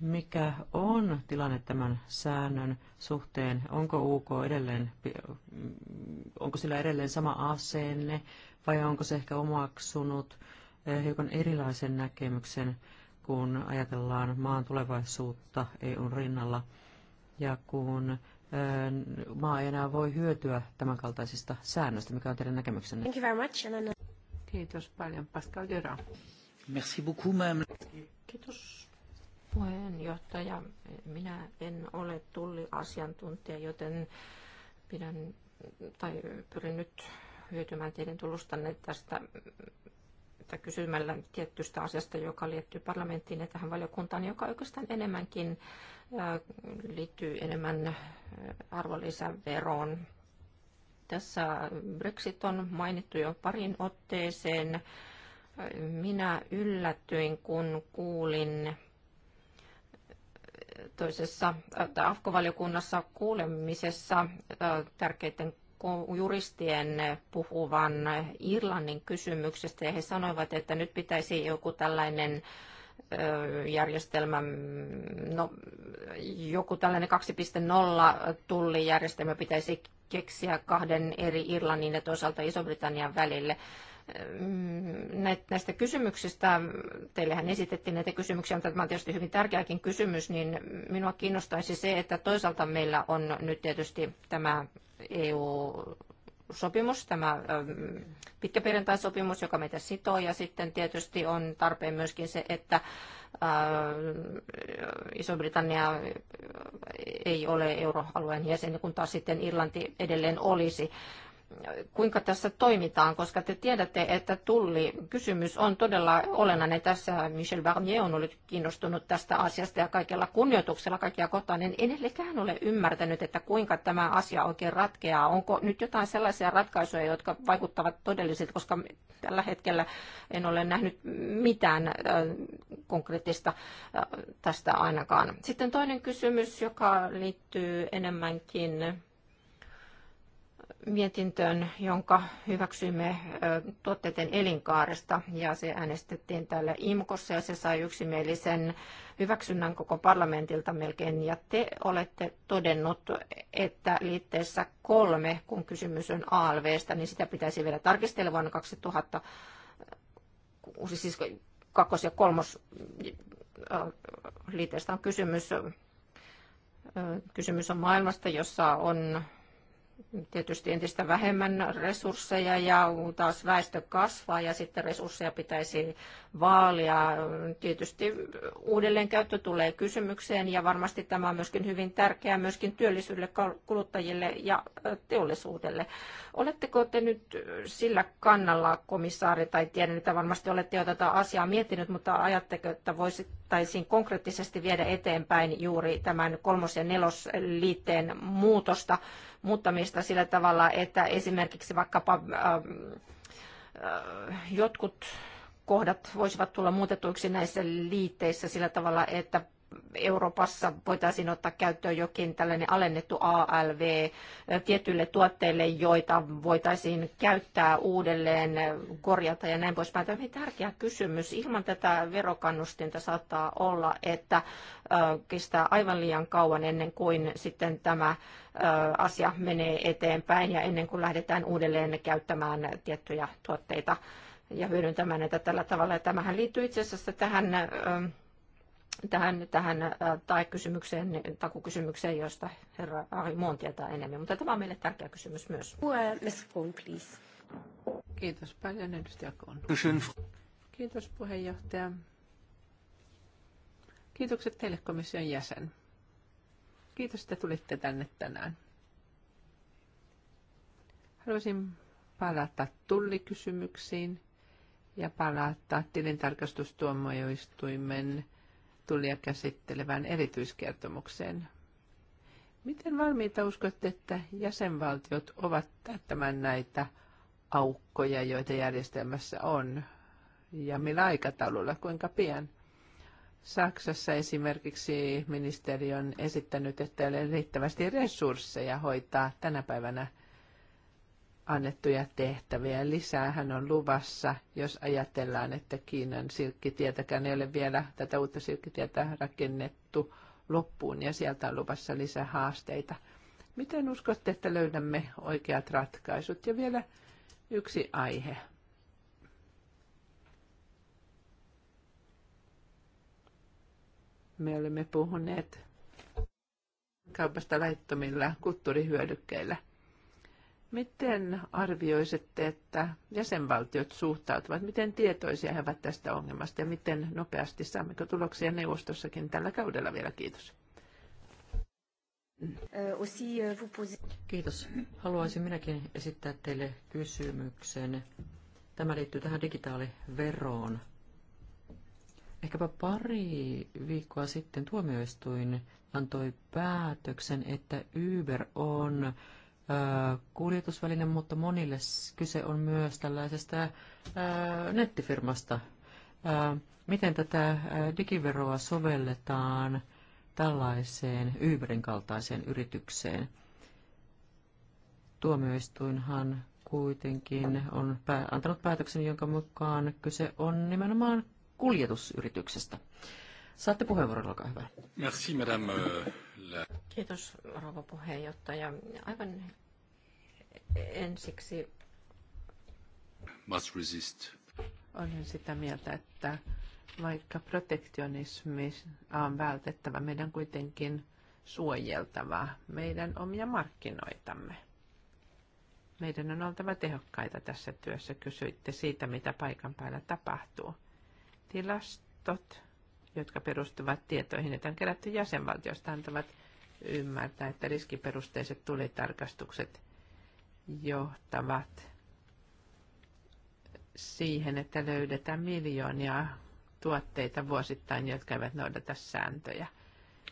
mikä on tilanne tämän säännön suhteen? Onko UK edelleen, mm, onko sillä edelleen sama asenne vai onko se ehkä omaksunut eh, hiukan erilaisen näkemyksen, kun ajatellaan maan tulevaisuutta EUn rinnalla ja kun eh, maa ei enää voi hyötyä tämänkaltaisista säännöistä, mikä on teidän näkemyksenne? Thank you very much. Kiitos paljon, Pascal Dura. Merci beaucoup, Kiitos puheenjohtaja. Minä en ole tulliasiantuntija, joten pidän, tai pyrin nyt hyötymään teidän tulostanne tästä että kysymällä tietystä asiasta, joka liittyy parlamenttiin ja tähän valiokuntaan, joka oikeastaan enemmänkin liittyy enemmän arvonlisäveroon. Tässä Brexit on mainittu jo parin otteeseen. Minä yllätyin, kun kuulin toisessa äh, AFKO-valiokunnassa kuulemisessa äh, tärkeiden juristien puhuvan Irlannin kysymyksestä ja he sanoivat, että nyt pitäisi joku tällainen äh, järjestelmä, no, joku tällainen 2.0 tullijärjestelmä pitäisi keksiä kahden eri Irlannin ja toisaalta Iso-Britannian välille. Mm, näistä kysymyksistä, Teillehän esitettiin näitä kysymyksiä, mutta tämä on tietysti hyvin tärkeäkin kysymys, niin minua kiinnostaisi se, että toisaalta meillä on nyt tietysti tämä EU-sopimus, tämä mm, pitkäperjantaisopimus, joka meitä sitoo, ja sitten tietysti on tarpeen myöskin se, että äh, Iso-Britannia ei ole euroalueen jäsen, kun taas sitten Irlanti edelleen olisi kuinka tässä toimitaan, koska te tiedätte, että tulli kysymys on todella olennainen tässä. Michel Barnier on ollut kiinnostunut tästä asiasta ja kaikella kunnioituksella kaikkia kohtaan. En edelleenkään ole ymmärtänyt, että kuinka tämä asia oikein ratkeaa. Onko nyt jotain sellaisia ratkaisuja, jotka vaikuttavat todellisilta, koska tällä hetkellä en ole nähnyt mitään äh, konkreettista äh, tästä ainakaan. Sitten toinen kysymys, joka liittyy enemmänkin mietintöön, jonka hyväksyimme tuotteiden elinkaaresta ja se äänestettiin täällä IMKossa ja se sai yksimielisen hyväksynnän koko parlamentilta melkein. Ja te olette todennut, että liitteessä kolme, kun kysymys on ALVstä, niin sitä pitäisi vielä tarkistella vuonna 2000, siis kakkos- ja kolmos liitteestä on kysymys. Kysymys on maailmasta, jossa on tietysti entistä vähemmän resursseja ja taas väestö kasvaa ja sitten resursseja pitäisi vaalia. Tietysti uudelleenkäyttö tulee kysymykseen ja varmasti tämä on myöskin hyvin tärkeää myöskin työllisyydelle, kuluttajille ja teollisuudelle. Oletteko te nyt sillä kannalla, komissaari, tai tiedän, että varmasti olette jo tätä asiaa miettinyt, mutta ajatteko, että voisittaisiin konkreettisesti viedä eteenpäin juuri tämän kolmos- ja nelosliitteen muutosta, muuttamista sillä tavalla, että esimerkiksi vaikkapa ähm, äh, jotkut kohdat voisivat tulla muutetuiksi näissä liitteissä sillä tavalla, että Euroopassa voitaisiin ottaa käyttöön jokin tällainen alennettu ALV tietyille tuotteille, joita voitaisiin käyttää uudelleen, korjata ja näin poispäin. Tämä on tärkeä kysymys. Ilman tätä verokannustinta saattaa olla, että kestää aivan liian kauan ennen kuin sitten tämä asia menee eteenpäin ja ennen kuin lähdetään uudelleen käyttämään tiettyjä tuotteita ja hyödyntämään näitä tällä tavalla. Ja tämähän liittyy itse asiassa tähän tähän, tähän äh, tai kysymykseen, kysymykseen, josta herra Ari Moon tietää enemmän. Mutta tämä on meille tärkeä kysymys myös. Kiitos paljon edustaja Kohn. Kiitos puheenjohtaja. Kiitokset teille komission jäsen. Kiitos, että tulitte tänne tänään. Haluaisin palata tullikysymyksiin ja palata tilintarkastustuomioistuimen tulia käsittelevään erityiskertomukseen. Miten valmiita uskotte, että jäsenvaltiot ovat täyttämään näitä aukkoja, joita järjestelmässä on, ja millä aikataululla, kuinka pian? Saksassa esimerkiksi ministeri on esittänyt, että ei ole riittävästi resursseja hoitaa tänä päivänä annettuja tehtäviä. Lisäähän on luvassa, jos ajatellaan, että Kiinan silkkitietäkään ei ole vielä tätä uutta silkkitietä rakennettu loppuun ja sieltä on luvassa lisää haasteita. Miten uskotte, että löydämme oikeat ratkaisut? Ja vielä yksi aihe. Me olemme puhuneet kaupasta laittomilla kulttuurihyödykkeillä – Miten arvioisitte, että jäsenvaltiot suhtautuvat? Miten tietoisia he ovat tästä ongelmasta ja miten nopeasti saammeko tuloksia neuvostossakin tällä kaudella vielä? Kiitos. Euh, euh, Kiitos. Haluaisin minäkin esittää teille kysymyksen. Tämä liittyy tähän digitaaliveroon. Ehkäpä pari viikkoa sitten tuomioistuin antoi päätöksen, että Uber on kuljetusväline, mutta monille kyse on myös tällaisesta nettifirmasta. Miten tätä digiveroa sovelletaan tällaiseen Uberin kaltaiseen yritykseen? Tuomioistuinhan kuitenkin on antanut päätöksen, jonka mukaan kyse on nimenomaan kuljetusyrityksestä. Saatte puheenvuoron, olkaa hyvä. Merci, madame Kiitos rouva puheenjohtaja. Aivan ensiksi must resist. Olen sitä mieltä, että vaikka protektionismi on vältettävä, meidän kuitenkin suojeltava meidän omia markkinoitamme. Meidän on oltava tehokkaita tässä työssä. Kysyitte siitä, mitä paikan päällä tapahtuu. Tilastot jotka perustuvat tietoihin, joita on kerätty jäsenvaltiosta, antavat ymmärtää, että riskiperusteiset tulitarkastukset johtavat siihen, että löydetään miljoonia tuotteita vuosittain, jotka eivät noudata sääntöjä.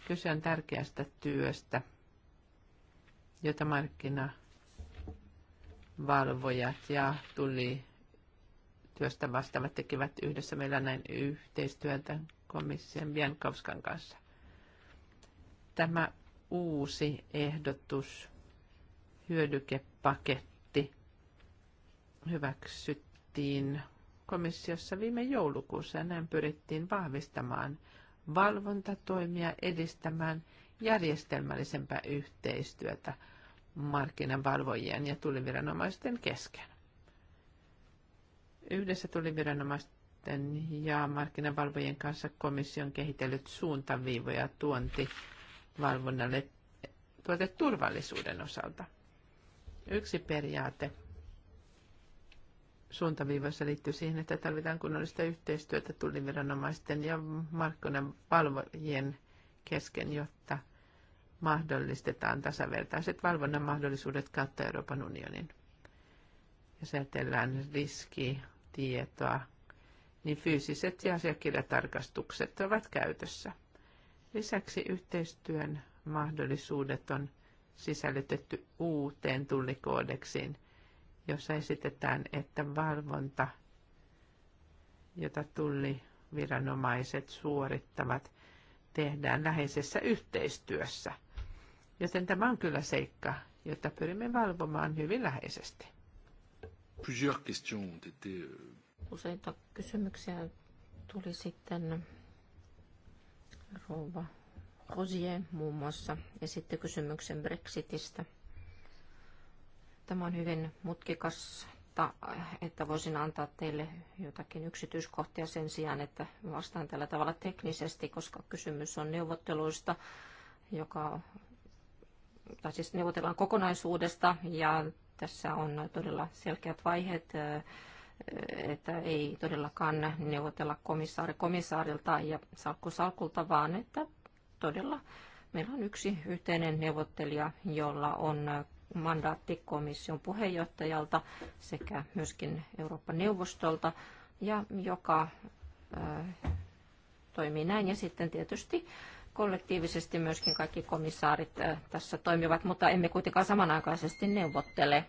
Kyse on tärkeästä työstä, jota markkinavalvojat ja tuli työstä vastaavat tekivät yhdessä. Meillä näin yhteistyötä komission Biankovskan kanssa. Tämä uusi ehdotus, hyödykepaketti, hyväksyttiin komissiossa viime joulukuussa ja näin pyrittiin vahvistamaan valvontatoimia edistämään järjestelmällisempää yhteistyötä markkinavalvojien ja tuliviranomaisten kesken. Yhdessä tuliviranomaiset sitten ja markkinavalvojen kanssa komission kehitellyt suuntaviivoja tuontivalvonnalle tuoteturvallisuuden osalta. Yksi periaate suuntaviivoissa liittyy siihen, että tarvitaan kunnollista yhteistyötä tulliviranomaisten ja markkinavalvojien kesken, jotta mahdollistetaan tasavertaiset valvonnan mahdollisuudet kautta Euroopan unionin. Ja säätellään riski, tietoa, niin fyysiset ja asiakirjatarkastukset ovat käytössä. Lisäksi yhteistyön mahdollisuudet on sisällytetty uuteen tullikoodeksiin, jossa esitetään, että valvonta, jota tulliviranomaiset suorittavat, tehdään läheisessä yhteistyössä. Joten tämä on kyllä seikka, jota pyrimme valvomaan hyvin läheisesti. Plusieurs questions ont été euh, Useita kysymyksiä tuli sitten rouva Rosie muun muassa sitten kysymyksen Brexitistä. Tämä on hyvin mutkikas että voisin antaa teille jotakin yksityiskohtia sen sijaan, että vastaan tällä tavalla teknisesti, koska kysymys on neuvotteluista, joka, tai siis neuvotellaan kokonaisuudesta ja tässä on todella selkeät vaiheet että ei todellakaan neuvotella komissaari komissaarilta ja salkku salkulta, vaan että todella meillä on yksi yhteinen neuvottelija, jolla on mandaatti komission puheenjohtajalta sekä myöskin Euroopan neuvostolta, ja joka toimii näin. Ja sitten tietysti kollektiivisesti myöskin kaikki komissaarit tässä toimivat, mutta emme kuitenkaan samanaikaisesti neuvottele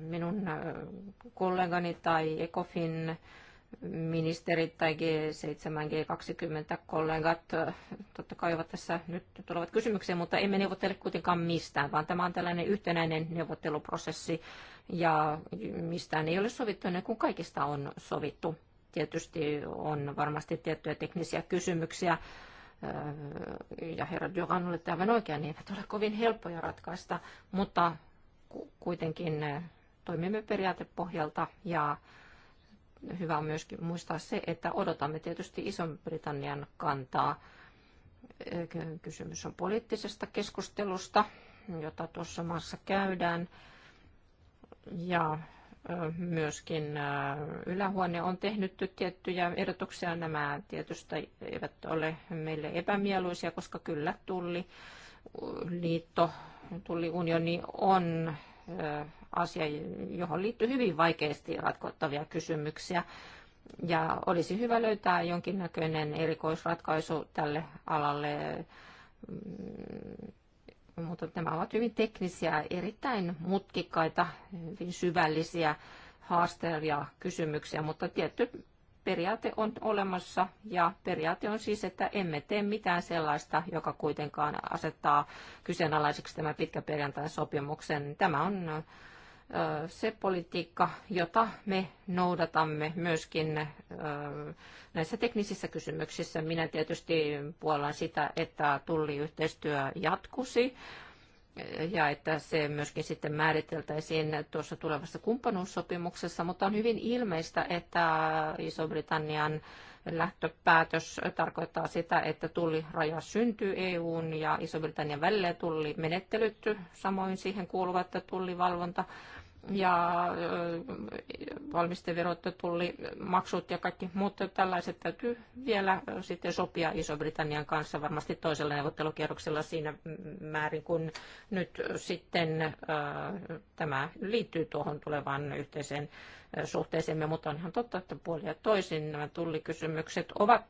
minun kollegani tai ECOFIN ministerit tai G7, G20 kollegat totta kai ovat tässä nyt tulevat kysymykseen, mutta emme neuvottele kuitenkaan mistään, vaan tämä on tällainen yhtenäinen neuvotteluprosessi ja mistään ei ole sovittu ennen kuin kaikista on sovittu. Tietysti on varmasti tiettyjä teknisiä kysymyksiä, ja herra Duran olette aivan oikein, niin eivät ole kovin helppoja ratkaista, mutta kuitenkin toimimme periaatepohjalta ja hyvä on myöskin muistaa se, että odotamme tietysti iso britannian kantaa. Kysymys on poliittisesta keskustelusta, jota tuossa maassa käydään. Ja myöskin ylähuone on tehnyt tiettyjä ehdotuksia. Nämä tietysti eivät ole meille epämieluisia, koska kyllä tulli liitto tulliunioni on asia, johon liittyy hyvin vaikeasti ratkottavia kysymyksiä. Ja olisi hyvä löytää jonkinnäköinen erikoisratkaisu tälle alalle, mm, mutta nämä ovat hyvin teknisiä, erittäin mutkikkaita, hyvin syvällisiä haasteellisia kysymyksiä, mutta tietty periaate on olemassa ja periaate on siis, että emme tee mitään sellaista, joka kuitenkaan asettaa kyseenalaiseksi tämän pitkäperjantain sopimuksen. Tämä on se politiikka, jota me noudatamme myöskin näissä teknisissä kysymyksissä. Minä tietysti puolan sitä, että tulliyhteistyö jatkusi ja että se myöskin sitten määriteltäisiin tuossa tulevassa kumppanuussopimuksessa, mutta on hyvin ilmeistä, että Iso-Britannian lähtöpäätös tarkoittaa sitä, että tulliraja syntyy EUn ja Iso-Britannian välillä menettelytty samoin siihen kuuluvat tullivalvonta ja valmisteverot, tulli, maksut ja kaikki muut tällaiset täytyy vielä sitten sopia Iso-Britannian kanssa varmasti toisella neuvottelukierroksella siinä määrin, kun nyt sitten tämä liittyy tuohon tulevaan yhteiseen suhteeseemme, mutta ihan totta, että puoli ja toisin nämä tullikysymykset ovat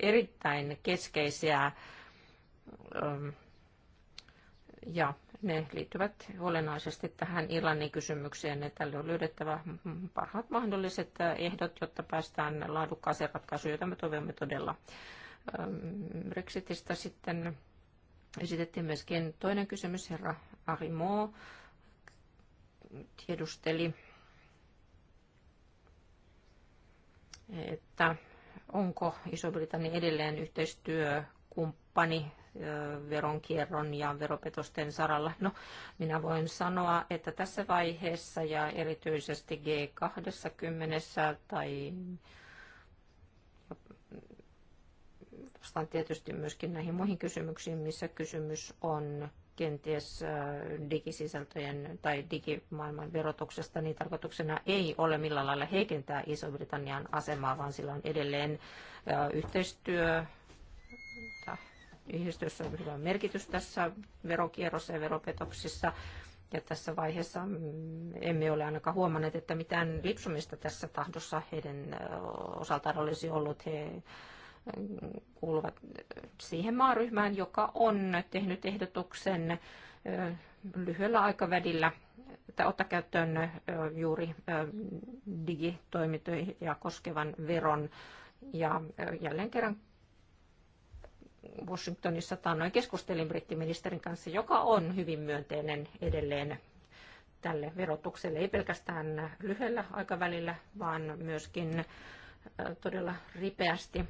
erittäin keskeisiä ja ne liittyvät olennaisesti tähän Irlannin kysymykseen tälle on löydettävä parhaat mahdolliset ehdot, jotta päästään laadukkaaseen ratkaisuun, jota me toivomme todella. Ähm, Brexitistä sitten esitettiin myöskin toinen kysymys. Herra Arimo tiedusteli, että onko Iso-Britannia edelleen yhteistyökumppani veronkierron ja veropetosten saralla? No, minä voin sanoa, että tässä vaiheessa ja erityisesti G20 tai vastaan tietysti myöskin näihin muihin kysymyksiin, missä kysymys on kenties digisisältöjen tai digimaailman verotuksesta, niin tarkoituksena ei ole millään lailla heikentää Iso-Britannian asemaa, vaan sillä on edelleen yhteistyö Yhdistys on hyvä merkitys tässä verokierrossa ja veropetoksissa. Ja tässä vaiheessa mm, emme ole ainakaan huomanneet, että mitään lipsumista tässä tahdossa heidän osaltaan olisi ollut. He mm, kuuluvat siihen maaryhmään, joka on tehnyt ehdotuksen lyhyellä aikavälillä tai ottaa käyttöön juuri digitoimintoja koskevan veron. Ja jälleen kerran Washingtonissa taannoin keskustelin brittiministerin kanssa, joka on hyvin myönteinen edelleen tälle verotukselle, ei pelkästään lyhyellä aikavälillä, vaan myöskin todella ripeästi.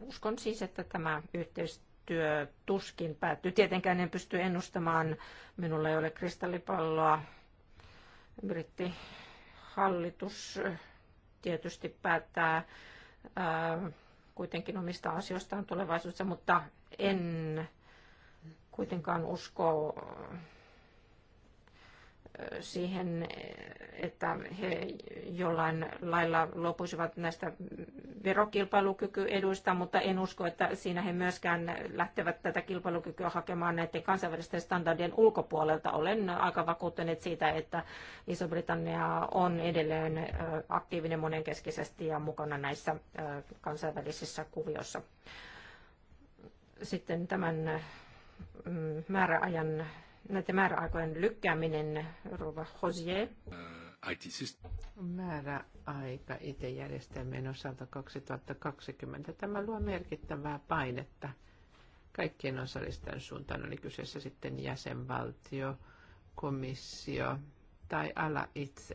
Uskon siis, että tämä yhteistyö tuskin päättyy. Tietenkään en pysty ennustamaan, minulla ei ole kristallipalloa. Brittihallitus tietysti päättää kuitenkin omista asioistaan tulevaisuudessa, mutta en kuitenkaan usko siihen, että he jollain lailla lopuisivat näistä verokilpailukykyeduista, mutta en usko, että siinä he myöskään lähtevät tätä kilpailukykyä hakemaan näiden kansainvälisten standardien ulkopuolelta. Olen aika vakuuttunut siitä, että Iso-Britannia on edelleen aktiivinen monenkeskisesti ja mukana näissä kansainvälisissä kuviossa. Sitten tämän mm, määräajan näiden määräaikojen lykkääminen, Rova Hosier. Äh, Määräaika IT-järjestelmien osalta 2020. Tämä luo merkittävää painetta kaikkien osallisten suuntaan, oli kyseessä sitten jäsenvaltio, komissio tai ala itse.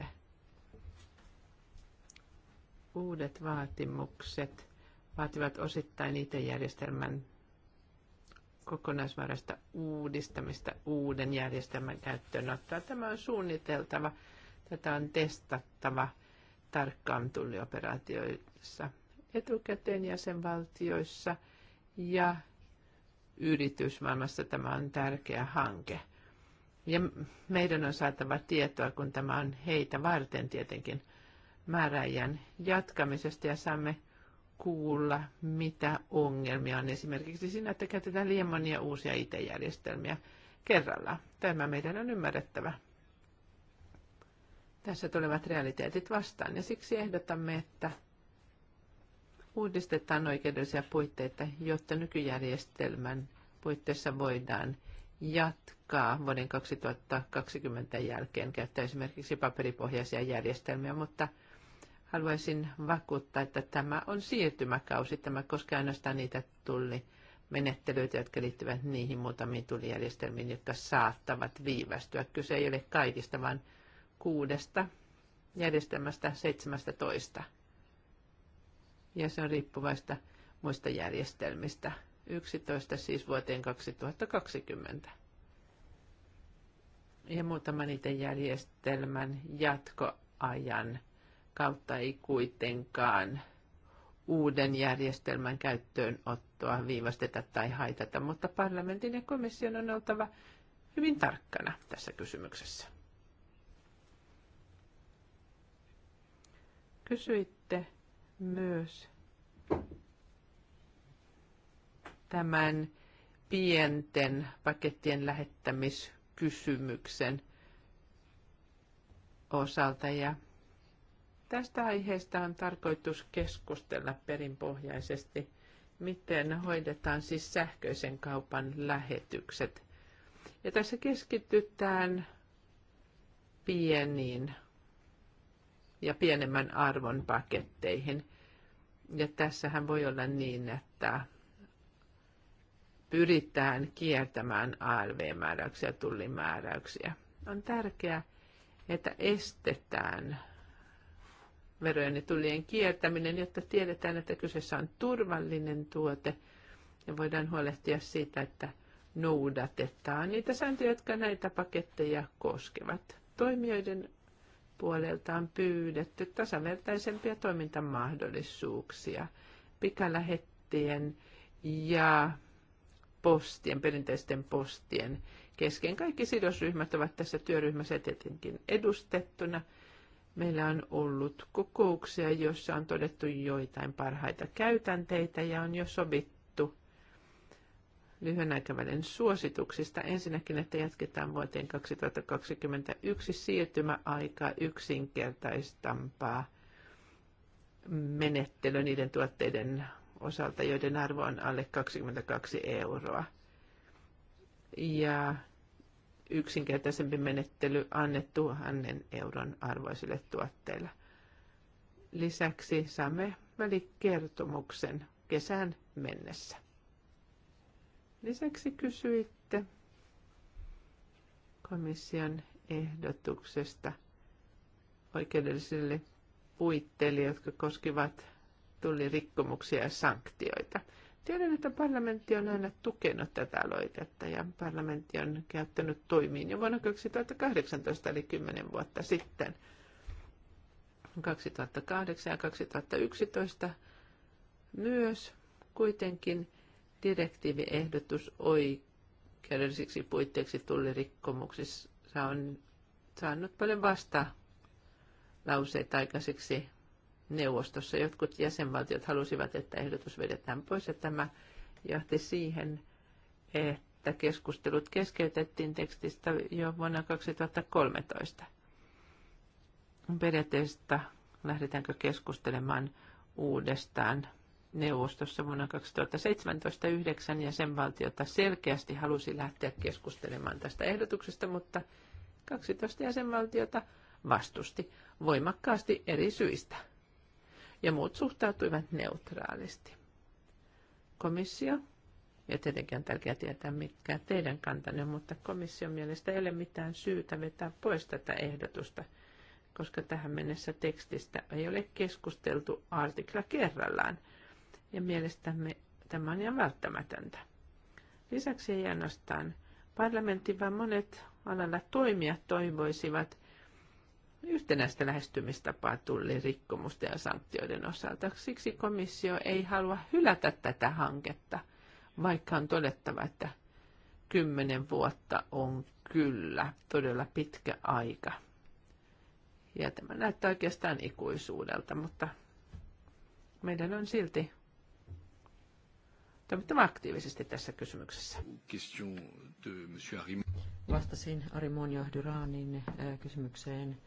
Uudet vaatimukset vaativat osittain IT-järjestelmän kokonaisvaraista uudistamista uuden järjestelmän käyttöönottoa. Tämä on suunniteltava, tätä on testattava tarkkaan tullioperaatioissa etukäteen jäsenvaltioissa ja yritysmaailmassa tämä on tärkeä hanke. Ja meidän on saatava tietoa, kun tämä on heitä varten tietenkin määräjän jatkamisesta ja saamme kuulla, mitä ongelmia on esimerkiksi siinä, että käytetään liian monia uusia IT-järjestelmiä kerralla. Tämä meidän on ymmärrettävä. Tässä tulevat realiteetit vastaan ja siksi ehdotamme, että uudistetaan oikeudellisia puitteita, jotta nykyjärjestelmän puitteissa voidaan jatkaa vuoden 2020 jälkeen käyttää esimerkiksi paperipohjaisia järjestelmiä, mutta – haluaisin vakuuttaa, että tämä on siirtymäkausi. Tämä koskee ainoastaan niitä menettelyitä, jotka liittyvät niihin muutamiin tulijärjestelmiin, jotka saattavat viivästyä. Kyse ei ole kaikista, vaan kuudesta järjestelmästä 17. Ja se on riippuvaista muista järjestelmistä. 11 siis vuoteen 2020. Ja muutama niiden järjestelmän jatkoajan kautta ei kuitenkaan uuden järjestelmän käyttöönottoa viivasteta tai haitata, mutta parlamentin ja komission on oltava hyvin tarkkana tässä kysymyksessä. Kysyitte myös tämän pienten pakettien lähettämiskysymyksen osalta ja Tästä aiheesta on tarkoitus keskustella perinpohjaisesti, miten hoidetaan siis sähköisen kaupan lähetykset. Ja tässä keskitytään pieniin ja pienemmän arvon paketteihin. Ja tässähän voi olla niin, että pyritään kiertämään ALV-määräyksiä ja tullimääräyksiä. On tärkeää, että estetään verojen ja tulien kiertäminen, jotta tiedetään, että kyseessä on turvallinen tuote ja voidaan huolehtia siitä, että noudatetaan niitä sääntöjä, jotka näitä paketteja koskevat. Toimijoiden puolelta on pyydetty tasavertaisempia toimintamahdollisuuksia pikalähettien ja postien, perinteisten postien kesken. Kaikki sidosryhmät ovat tässä työryhmässä tietenkin edustettuna – Meillä on ollut kokouksia, joissa on todettu joitain parhaita käytänteitä ja on jo sovittu lyhyen aikavälin suosituksista. Ensinnäkin, että jatketaan vuoteen 2021 siirtymäaikaa yksinkertaistampaa menettely niiden tuotteiden osalta, joiden arvo on alle 22 euroa. Ja yksinkertaisempi menettely annettu hänen euron arvoisille tuotteille. Lisäksi saamme välikertomuksen kesään mennessä. Lisäksi kysyitte komission ehdotuksesta oikeudellisille puitteille, jotka koskivat tullirikkomuksia ja sanktioita. Tiedän, että parlamentti on aina tukenut tätä aloitetta ja parlamentti on käyttänyt toimiin jo vuonna 2018, eli 10 vuotta sitten. 2008 ja 2011 myös kuitenkin direktiiviehdotus oikeudellisiksi puitteiksi tullirikkomuksissa on saanut paljon vasta lauseita aikaiseksi neuvostossa. Jotkut jäsenvaltiot halusivat, että ehdotus vedetään pois ja tämä johti siihen, että keskustelut keskeytettiin tekstistä jo vuonna 2013. Periaatteesta lähdetäänkö keskustelemaan uudestaan neuvostossa vuonna 2017-2009 jäsenvaltiota selkeästi halusi lähteä keskustelemaan tästä ehdotuksesta, mutta 12 jäsenvaltiota vastusti voimakkaasti eri syistä ja muut suhtautuivat neutraalisti. Komissio, ja tietenkin on tärkeää tietää, mitkä teidän kantanne, mutta komission mielestä ei ole mitään syytä vetää pois tätä ehdotusta, koska tähän mennessä tekstistä ei ole keskusteltu artikla kerrallaan, ja mielestämme tämä on ihan välttämätöntä. Lisäksi ei ainoastaan parlamentti, vaan monet alalla toimijat toivoisivat, yhtenäistä lähestymistapaa rikkomusten ja sanktioiden osalta. Siksi komissio ei halua hylätä tätä hanketta, vaikka on todettava, että kymmenen vuotta on kyllä todella pitkä aika. Ja tämä näyttää oikeastaan ikuisuudelta, mutta meidän on silti toimittava aktiivisesti tässä kysymyksessä. Vastasin Arimonio Duranin äh, kysymykseen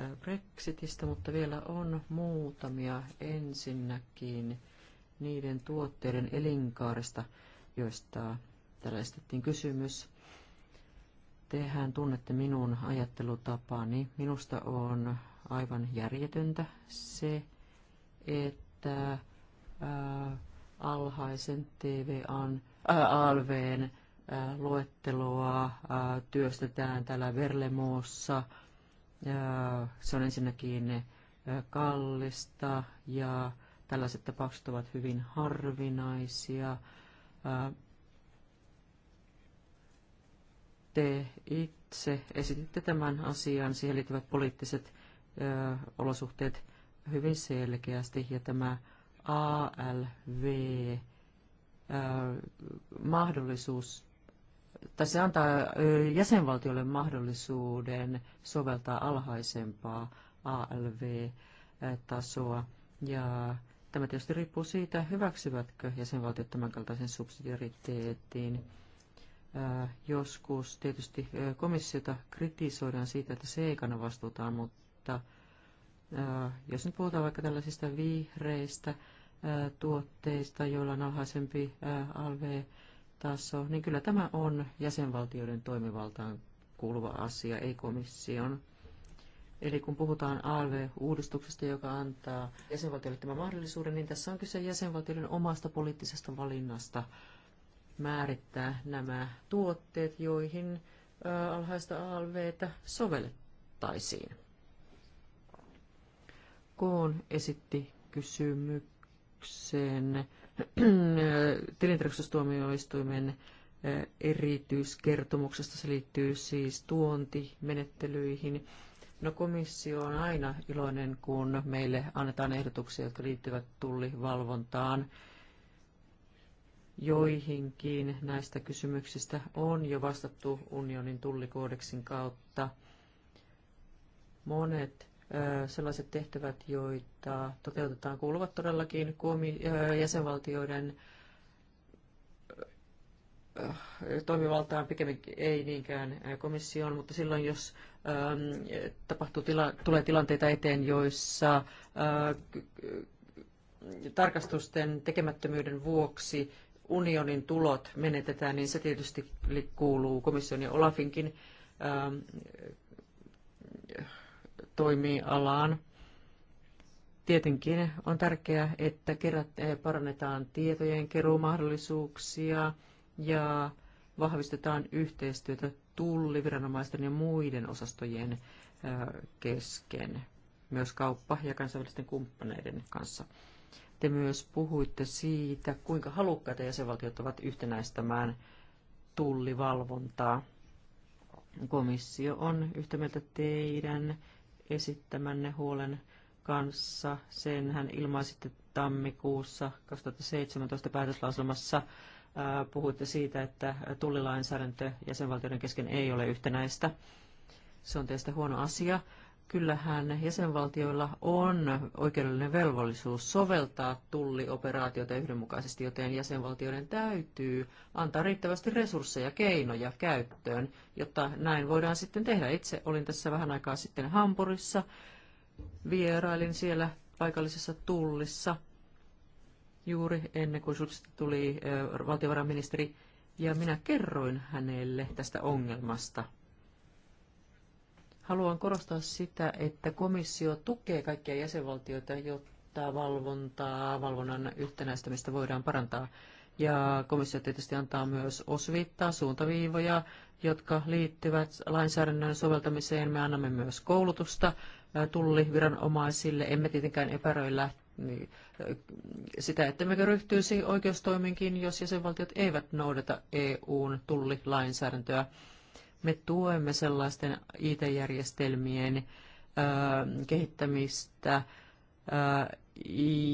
Äh, Brexitistä, mutta vielä on muutamia ensinnäkin niiden tuotteiden elinkaarista, joista täällä esitettiin kysymys. Tehän tunnette minun ajattelutapani. Minusta on aivan järjetöntä se, että ää, äh, alhaisen TVAn, ää, äh, luetteloa ää, työstetään täällä Verlemoossa – se on ensinnäkin eh, kallista ja tällaiset tapaukset ovat hyvin harvinaisia. Te itse esititte tämän asian, siihen liittyvät poliittiset olosuhteet hyvin selkeästi ja tämä ALV mahdollisuus tai se antaa jäsenvaltiolle mahdollisuuden soveltaa alhaisempaa ALV-tasoa. Ja tämä tietysti riippuu siitä, hyväksyvätkö jäsenvaltiot tämänkaltaisen subsidiariteettiin. Joskus tietysti komissiota kritisoidaan siitä, että se ei kanna vastuutaan, mutta jos nyt puhutaan vaikka tällaisista vihreistä tuotteista, joilla on alhaisempi ALV, taso, niin kyllä tämä on jäsenvaltioiden toimivaltaan kuuluva asia, ei komission. Eli kun puhutaan ALV-uudistuksesta, joka antaa jäsenvaltioille tämän mahdollisuuden, niin tässä on kyse jäsenvaltioiden omasta poliittisesta valinnasta määrittää nämä tuotteet, joihin alhaista ALVtä sovellettaisiin. Koon esitti kysymyksen tilintarkastustuomioistuimen erityiskertomuksesta. Se liittyy siis tuontimenettelyihin. No komissio on aina iloinen, kun meille annetaan ehdotuksia, jotka liittyvät tullivalvontaan. Joihinkin näistä kysymyksistä on jo vastattu unionin tullikoodeksin kautta. Monet sellaiset tehtävät, joita toteutetaan, kuuluvat todellakin jäsenvaltioiden toimivaltaan pikemminkin ei niinkään komissioon, mutta silloin jos ähm, tapahtuu tila, tulee tilanteita eteen, joissa äh, tarkastusten tekemättömyyden vuoksi unionin tulot menetetään, niin se tietysti kuuluu komission ja Olafinkin ähm, toimialaan. Tietenkin on tärkeää, että kerät, eh, parannetaan tietojen keruumahdollisuuksia ja vahvistetaan yhteistyötä tulliviranomaisten ja muiden osastojen eh, kesken, myös kauppa- ja kansainvälisten kumppaneiden kanssa. Te myös puhuitte siitä, kuinka halukkaita jäsenvaltiot ovat yhtenäistämään tullivalvontaa. Komissio on yhtä mieltä teidän esittämänne huolen kanssa. Sen hän ilmaisitte tammikuussa 2017 päätöslauselmassa. Puhuitte siitä, että tullilainsäädäntö jäsenvaltioiden kesken ei ole yhtenäistä. Se on teistä huono asia kyllähän jäsenvaltioilla on oikeudellinen velvollisuus soveltaa tullioperaatioita yhdenmukaisesti, joten jäsenvaltioiden täytyy antaa riittävästi resursseja, keinoja käyttöön, jotta näin voidaan sitten tehdä. Itse olin tässä vähän aikaa sitten Hampurissa, vierailin siellä paikallisessa tullissa juuri ennen kuin sinusta tuli valtiovarainministeri, ja minä kerroin hänelle tästä ongelmasta – Haluan korostaa sitä, että komissio tukee kaikkia jäsenvaltioita, jotta valvontaa, valvonnan yhtenäistämistä voidaan parantaa. Ja komissio tietysti antaa myös osviittaa, suuntaviivoja, jotka liittyvät lainsäädännön soveltamiseen. Me annamme myös koulutusta tulliviranomaisille. Emme tietenkään epäröi niin, sitä, että mekä ryhtyisi oikeustoiminkin, jos jäsenvaltiot eivät noudata EUn tullilainsäädäntöä. lainsäädäntöä me tuemme sellaisten IT-järjestelmien kehittämistä,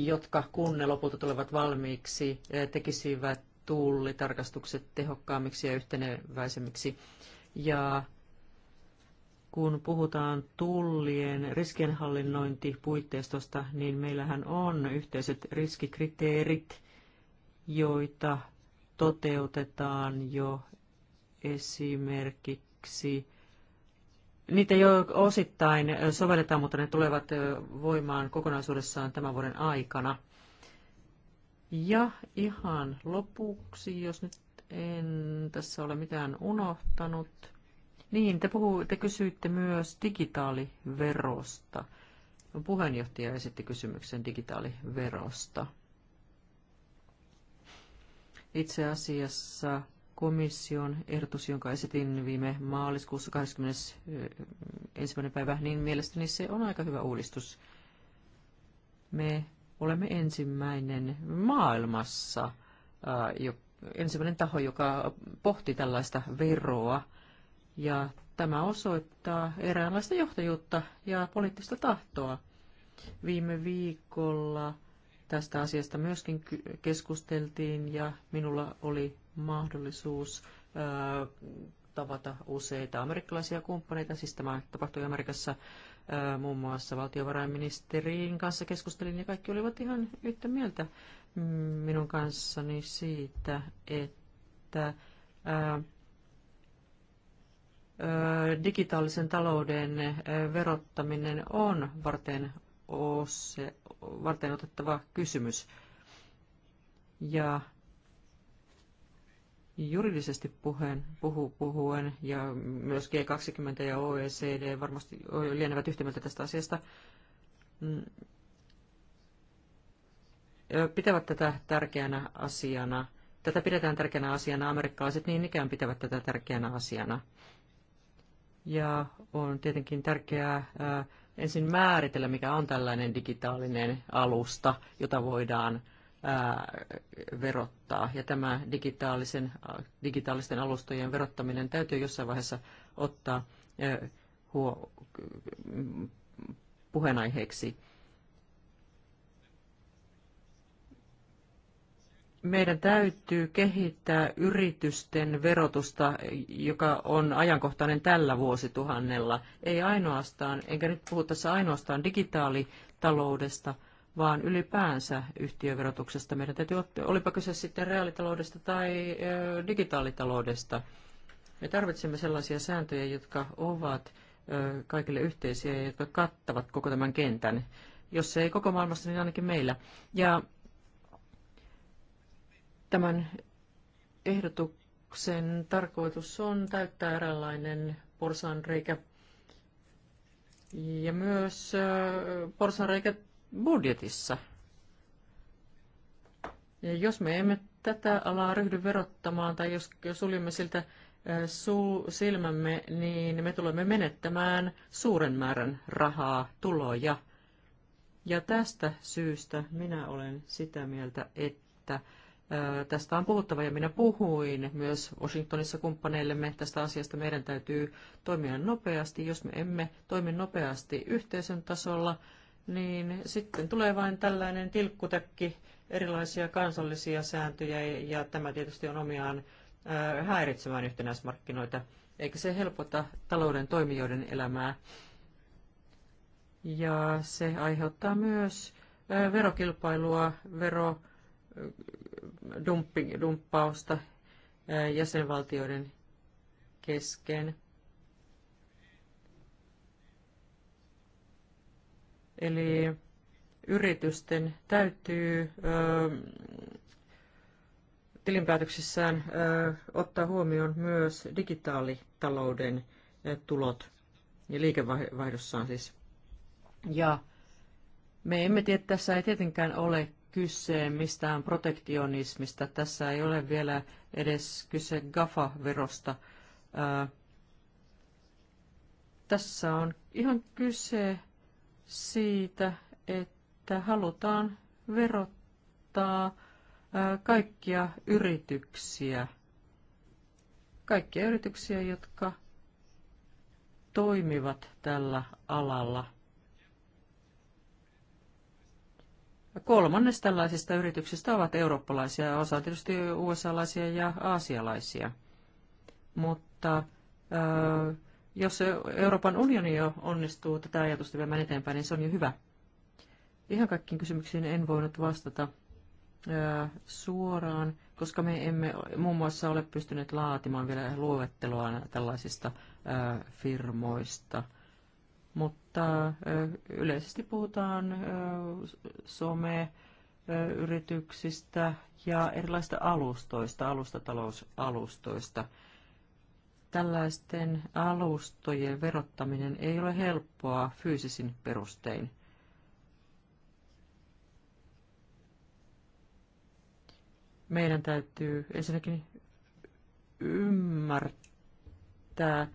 jotka kun ne lopulta tulevat valmiiksi, tekisivät tullitarkastukset tehokkaammiksi ja yhteneväisemmiksi. Ja kun puhutaan tullien riskienhallinnointipuitteistosta, niin meillähän on yhteiset riskikriteerit, joita toteutetaan jo esimerkiksi, niitä jo osittain sovelletaan, mutta ne tulevat voimaan kokonaisuudessaan tämän vuoden aikana. Ja ihan lopuksi, jos nyt en tässä ole mitään unohtanut, niin te, puhu, te kysyitte myös digitaaliverosta. Puheenjohtaja esitti kysymyksen digitaaliverosta. Itse asiassa komission ehdotus, jonka esitin viime maaliskuussa 21. päivä, niin mielestäni se on aika hyvä uudistus. Me olemme ensimmäinen maailmassa, ensimmäinen taho, joka pohti tällaista veroa. Ja tämä osoittaa eräänlaista johtajuutta ja poliittista tahtoa. Viime viikolla tästä asiasta myöskin keskusteltiin ja minulla oli mahdollisuus tavata useita amerikkalaisia kumppaneita. Siis tämä tapahtui Amerikassa muun muassa valtiovarainministerin kanssa keskustelin ja kaikki olivat ihan yhtä mieltä minun kanssani siitä, että digitaalisen talouden verottaminen on varten, se varten otettava kysymys. Ja juridisesti puheen, puhu, puhuen, ja myös G20 ja OECD varmasti lienevät yhtä mieltä tästä asiasta, mm. pitävät tätä tärkeänä asiana. Tätä pidetään tärkeänä asiana, amerikkalaiset niin ikään pitävät tätä tärkeänä asiana. Ja on tietenkin tärkeää ensin määritellä, mikä on tällainen digitaalinen alusta, jota voidaan verottaa. Ja tämä digitaalisen, digitaalisten alustojen verottaminen täytyy jossain vaiheessa ottaa huo, puheenaiheeksi. Meidän täytyy kehittää yritysten verotusta, joka on ajankohtainen tällä vuosituhannella. Ei ainoastaan, enkä nyt puhu tässä ainoastaan digitaalitaloudesta – vaan ylipäänsä yhtiöverotuksesta. Meidän täytyy ottaa, olipa kyse sitten reaalitaloudesta tai ö, digitaalitaloudesta. Me tarvitsemme sellaisia sääntöjä, jotka ovat ö, kaikille yhteisiä ja jotka kattavat koko tämän kentän. Jos ei koko maailmassa, niin ainakin meillä. Ja tämän ehdotuksen tarkoitus on täyttää eräänlainen porsaanreikä ja myös porsaanreikä budjetissa. Ja jos me emme tätä alaa ryhdy verottamaan tai jos suljemme siltä suu, silmämme, niin me tulemme menettämään suuren määrän rahaa, tuloja. Ja tästä syystä minä olen sitä mieltä, että tästä on puhuttava ja minä puhuin myös Washingtonissa kumppaneillemme tästä asiasta. Meidän täytyy toimia nopeasti. Jos me emme toimi nopeasti yhteisön tasolla, niin sitten tulee vain tällainen tilkkutäkki erilaisia kansallisia sääntöjä, ja tämä tietysti on omiaan äh, häiritsemään yhtenäismarkkinoita, eikä se helpota talouden toimijoiden elämää. Ja se aiheuttaa myös äh, verokilpailua, verodumppausta äh, jäsenvaltioiden kesken. Eli yritysten täytyy tilinpäätöksissään ottaa huomioon myös digitaalitalouden tulot ja liikevaihdossaan siis. Ja me emme tiedä, tässä ei tietenkään ole kyse mistään protektionismista. Tässä ei ole vielä edes kyse GAFA-verosta. Tässä on ihan kyse siitä, että halutaan verottaa kaikkia yrityksiä, kaikkia yrityksiä, jotka toimivat tällä alalla. Kolmannes tällaisista yrityksistä ovat eurooppalaisia osa tietysti usa ja aasialaisia. Mutta äh, jos Euroopan unioni jo onnistuu tätä ajatusta viemään eteenpäin, niin se on jo hyvä. Ihan kaikkiin kysymyksiin en voinut vastata suoraan, koska me emme muun muassa ole pystyneet laatimaan vielä luovettelua tällaisista firmoista. Mutta yleisesti puhutaan someyrityksistä ja erilaisista alustoista, alustatalousalustoista – Tällaisten alustojen verottaminen ei ole helppoa fyysisin perustein. Meidän täytyy ensinnäkin ymmärtää,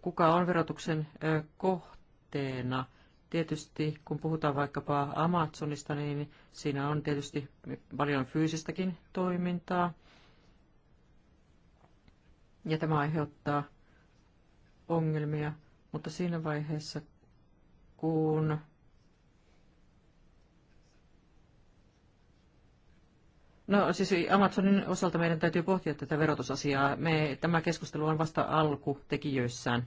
kuka on verotuksen kohteena. Tietysti kun puhutaan vaikkapa Amazonista, niin siinä on tietysti paljon fyysistäkin toimintaa ja tämä aiheuttaa ongelmia, mutta siinä vaiheessa, kun No siis Amazonin osalta meidän täytyy pohtia tätä verotusasiaa. Me, tämä keskustelu on vasta alkutekijöissään.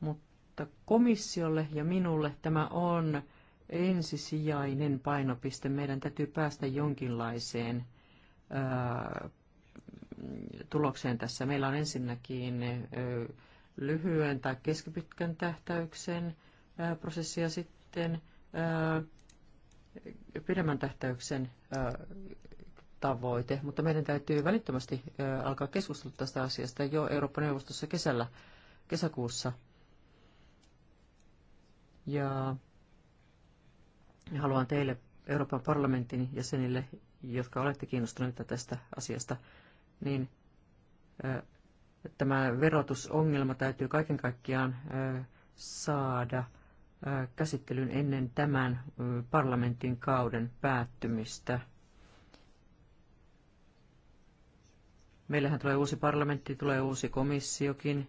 Mutta komissiolle ja minulle tämä on ensisijainen painopiste. Meidän täytyy päästä jonkinlaiseen tulokseen tässä. Meillä on ensinnäkin lyhyen tai keskipitkän tähtäyksen prosessi ja sitten pidemmän tähtäyksen tavoite, mutta meidän täytyy välittömästi alkaa keskustella tästä asiasta jo Euroopan neuvostossa kesällä, kesäkuussa. Ja haluan teille Euroopan parlamentin jäsenille jotka olette kiinnostuneita tästä asiasta, niin tämä verotusongelma täytyy kaiken kaikkiaan saada käsittelyn ennen tämän parlamentin kauden päättymistä. Meillähän tulee uusi parlamentti, tulee uusi komissiokin.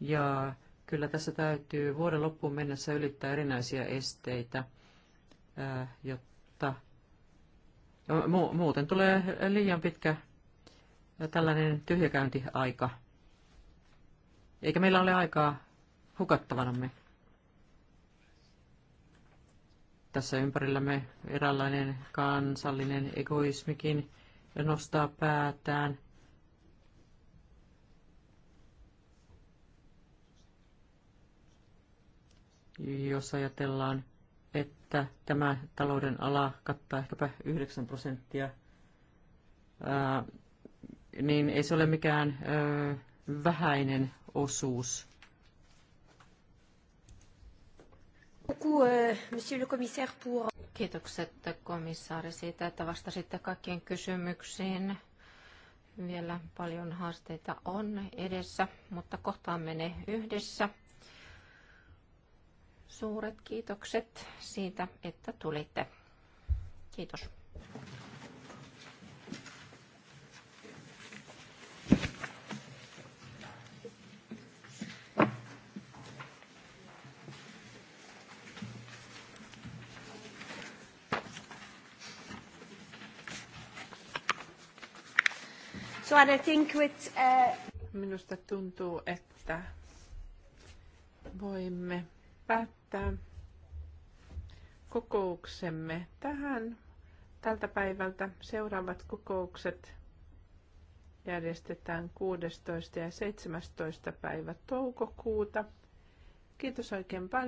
Ja kyllä tässä täytyy vuoden loppuun mennessä ylittää erinäisiä esteitä, jotta Muuten tulee liian pitkä tällainen tyhjäkäyntiaika. Eikä meillä ole aikaa hukattavanamme. Tässä ympärillämme eräänlainen kansallinen egoismikin nostaa päätään. Jos ajatellaan että tämä talouden ala kattaa ehkäpä 9 prosenttia, ää, niin ei se ole mikään ää, vähäinen osuus. Kiitokset komissaari siitä, että vastasitte kaikkien kysymyksiin. Vielä paljon haasteita on edessä, mutta kohtaamme ne yhdessä. Suuret kiitokset siitä, että tulitte. Kiitos. So I think with, uh... Minusta tuntuu, että voimme päättää kokouksemme tähän tältä päivältä. Seuraavat kokoukset järjestetään 16. ja 17. päivä toukokuuta. Kiitos oikein paljon.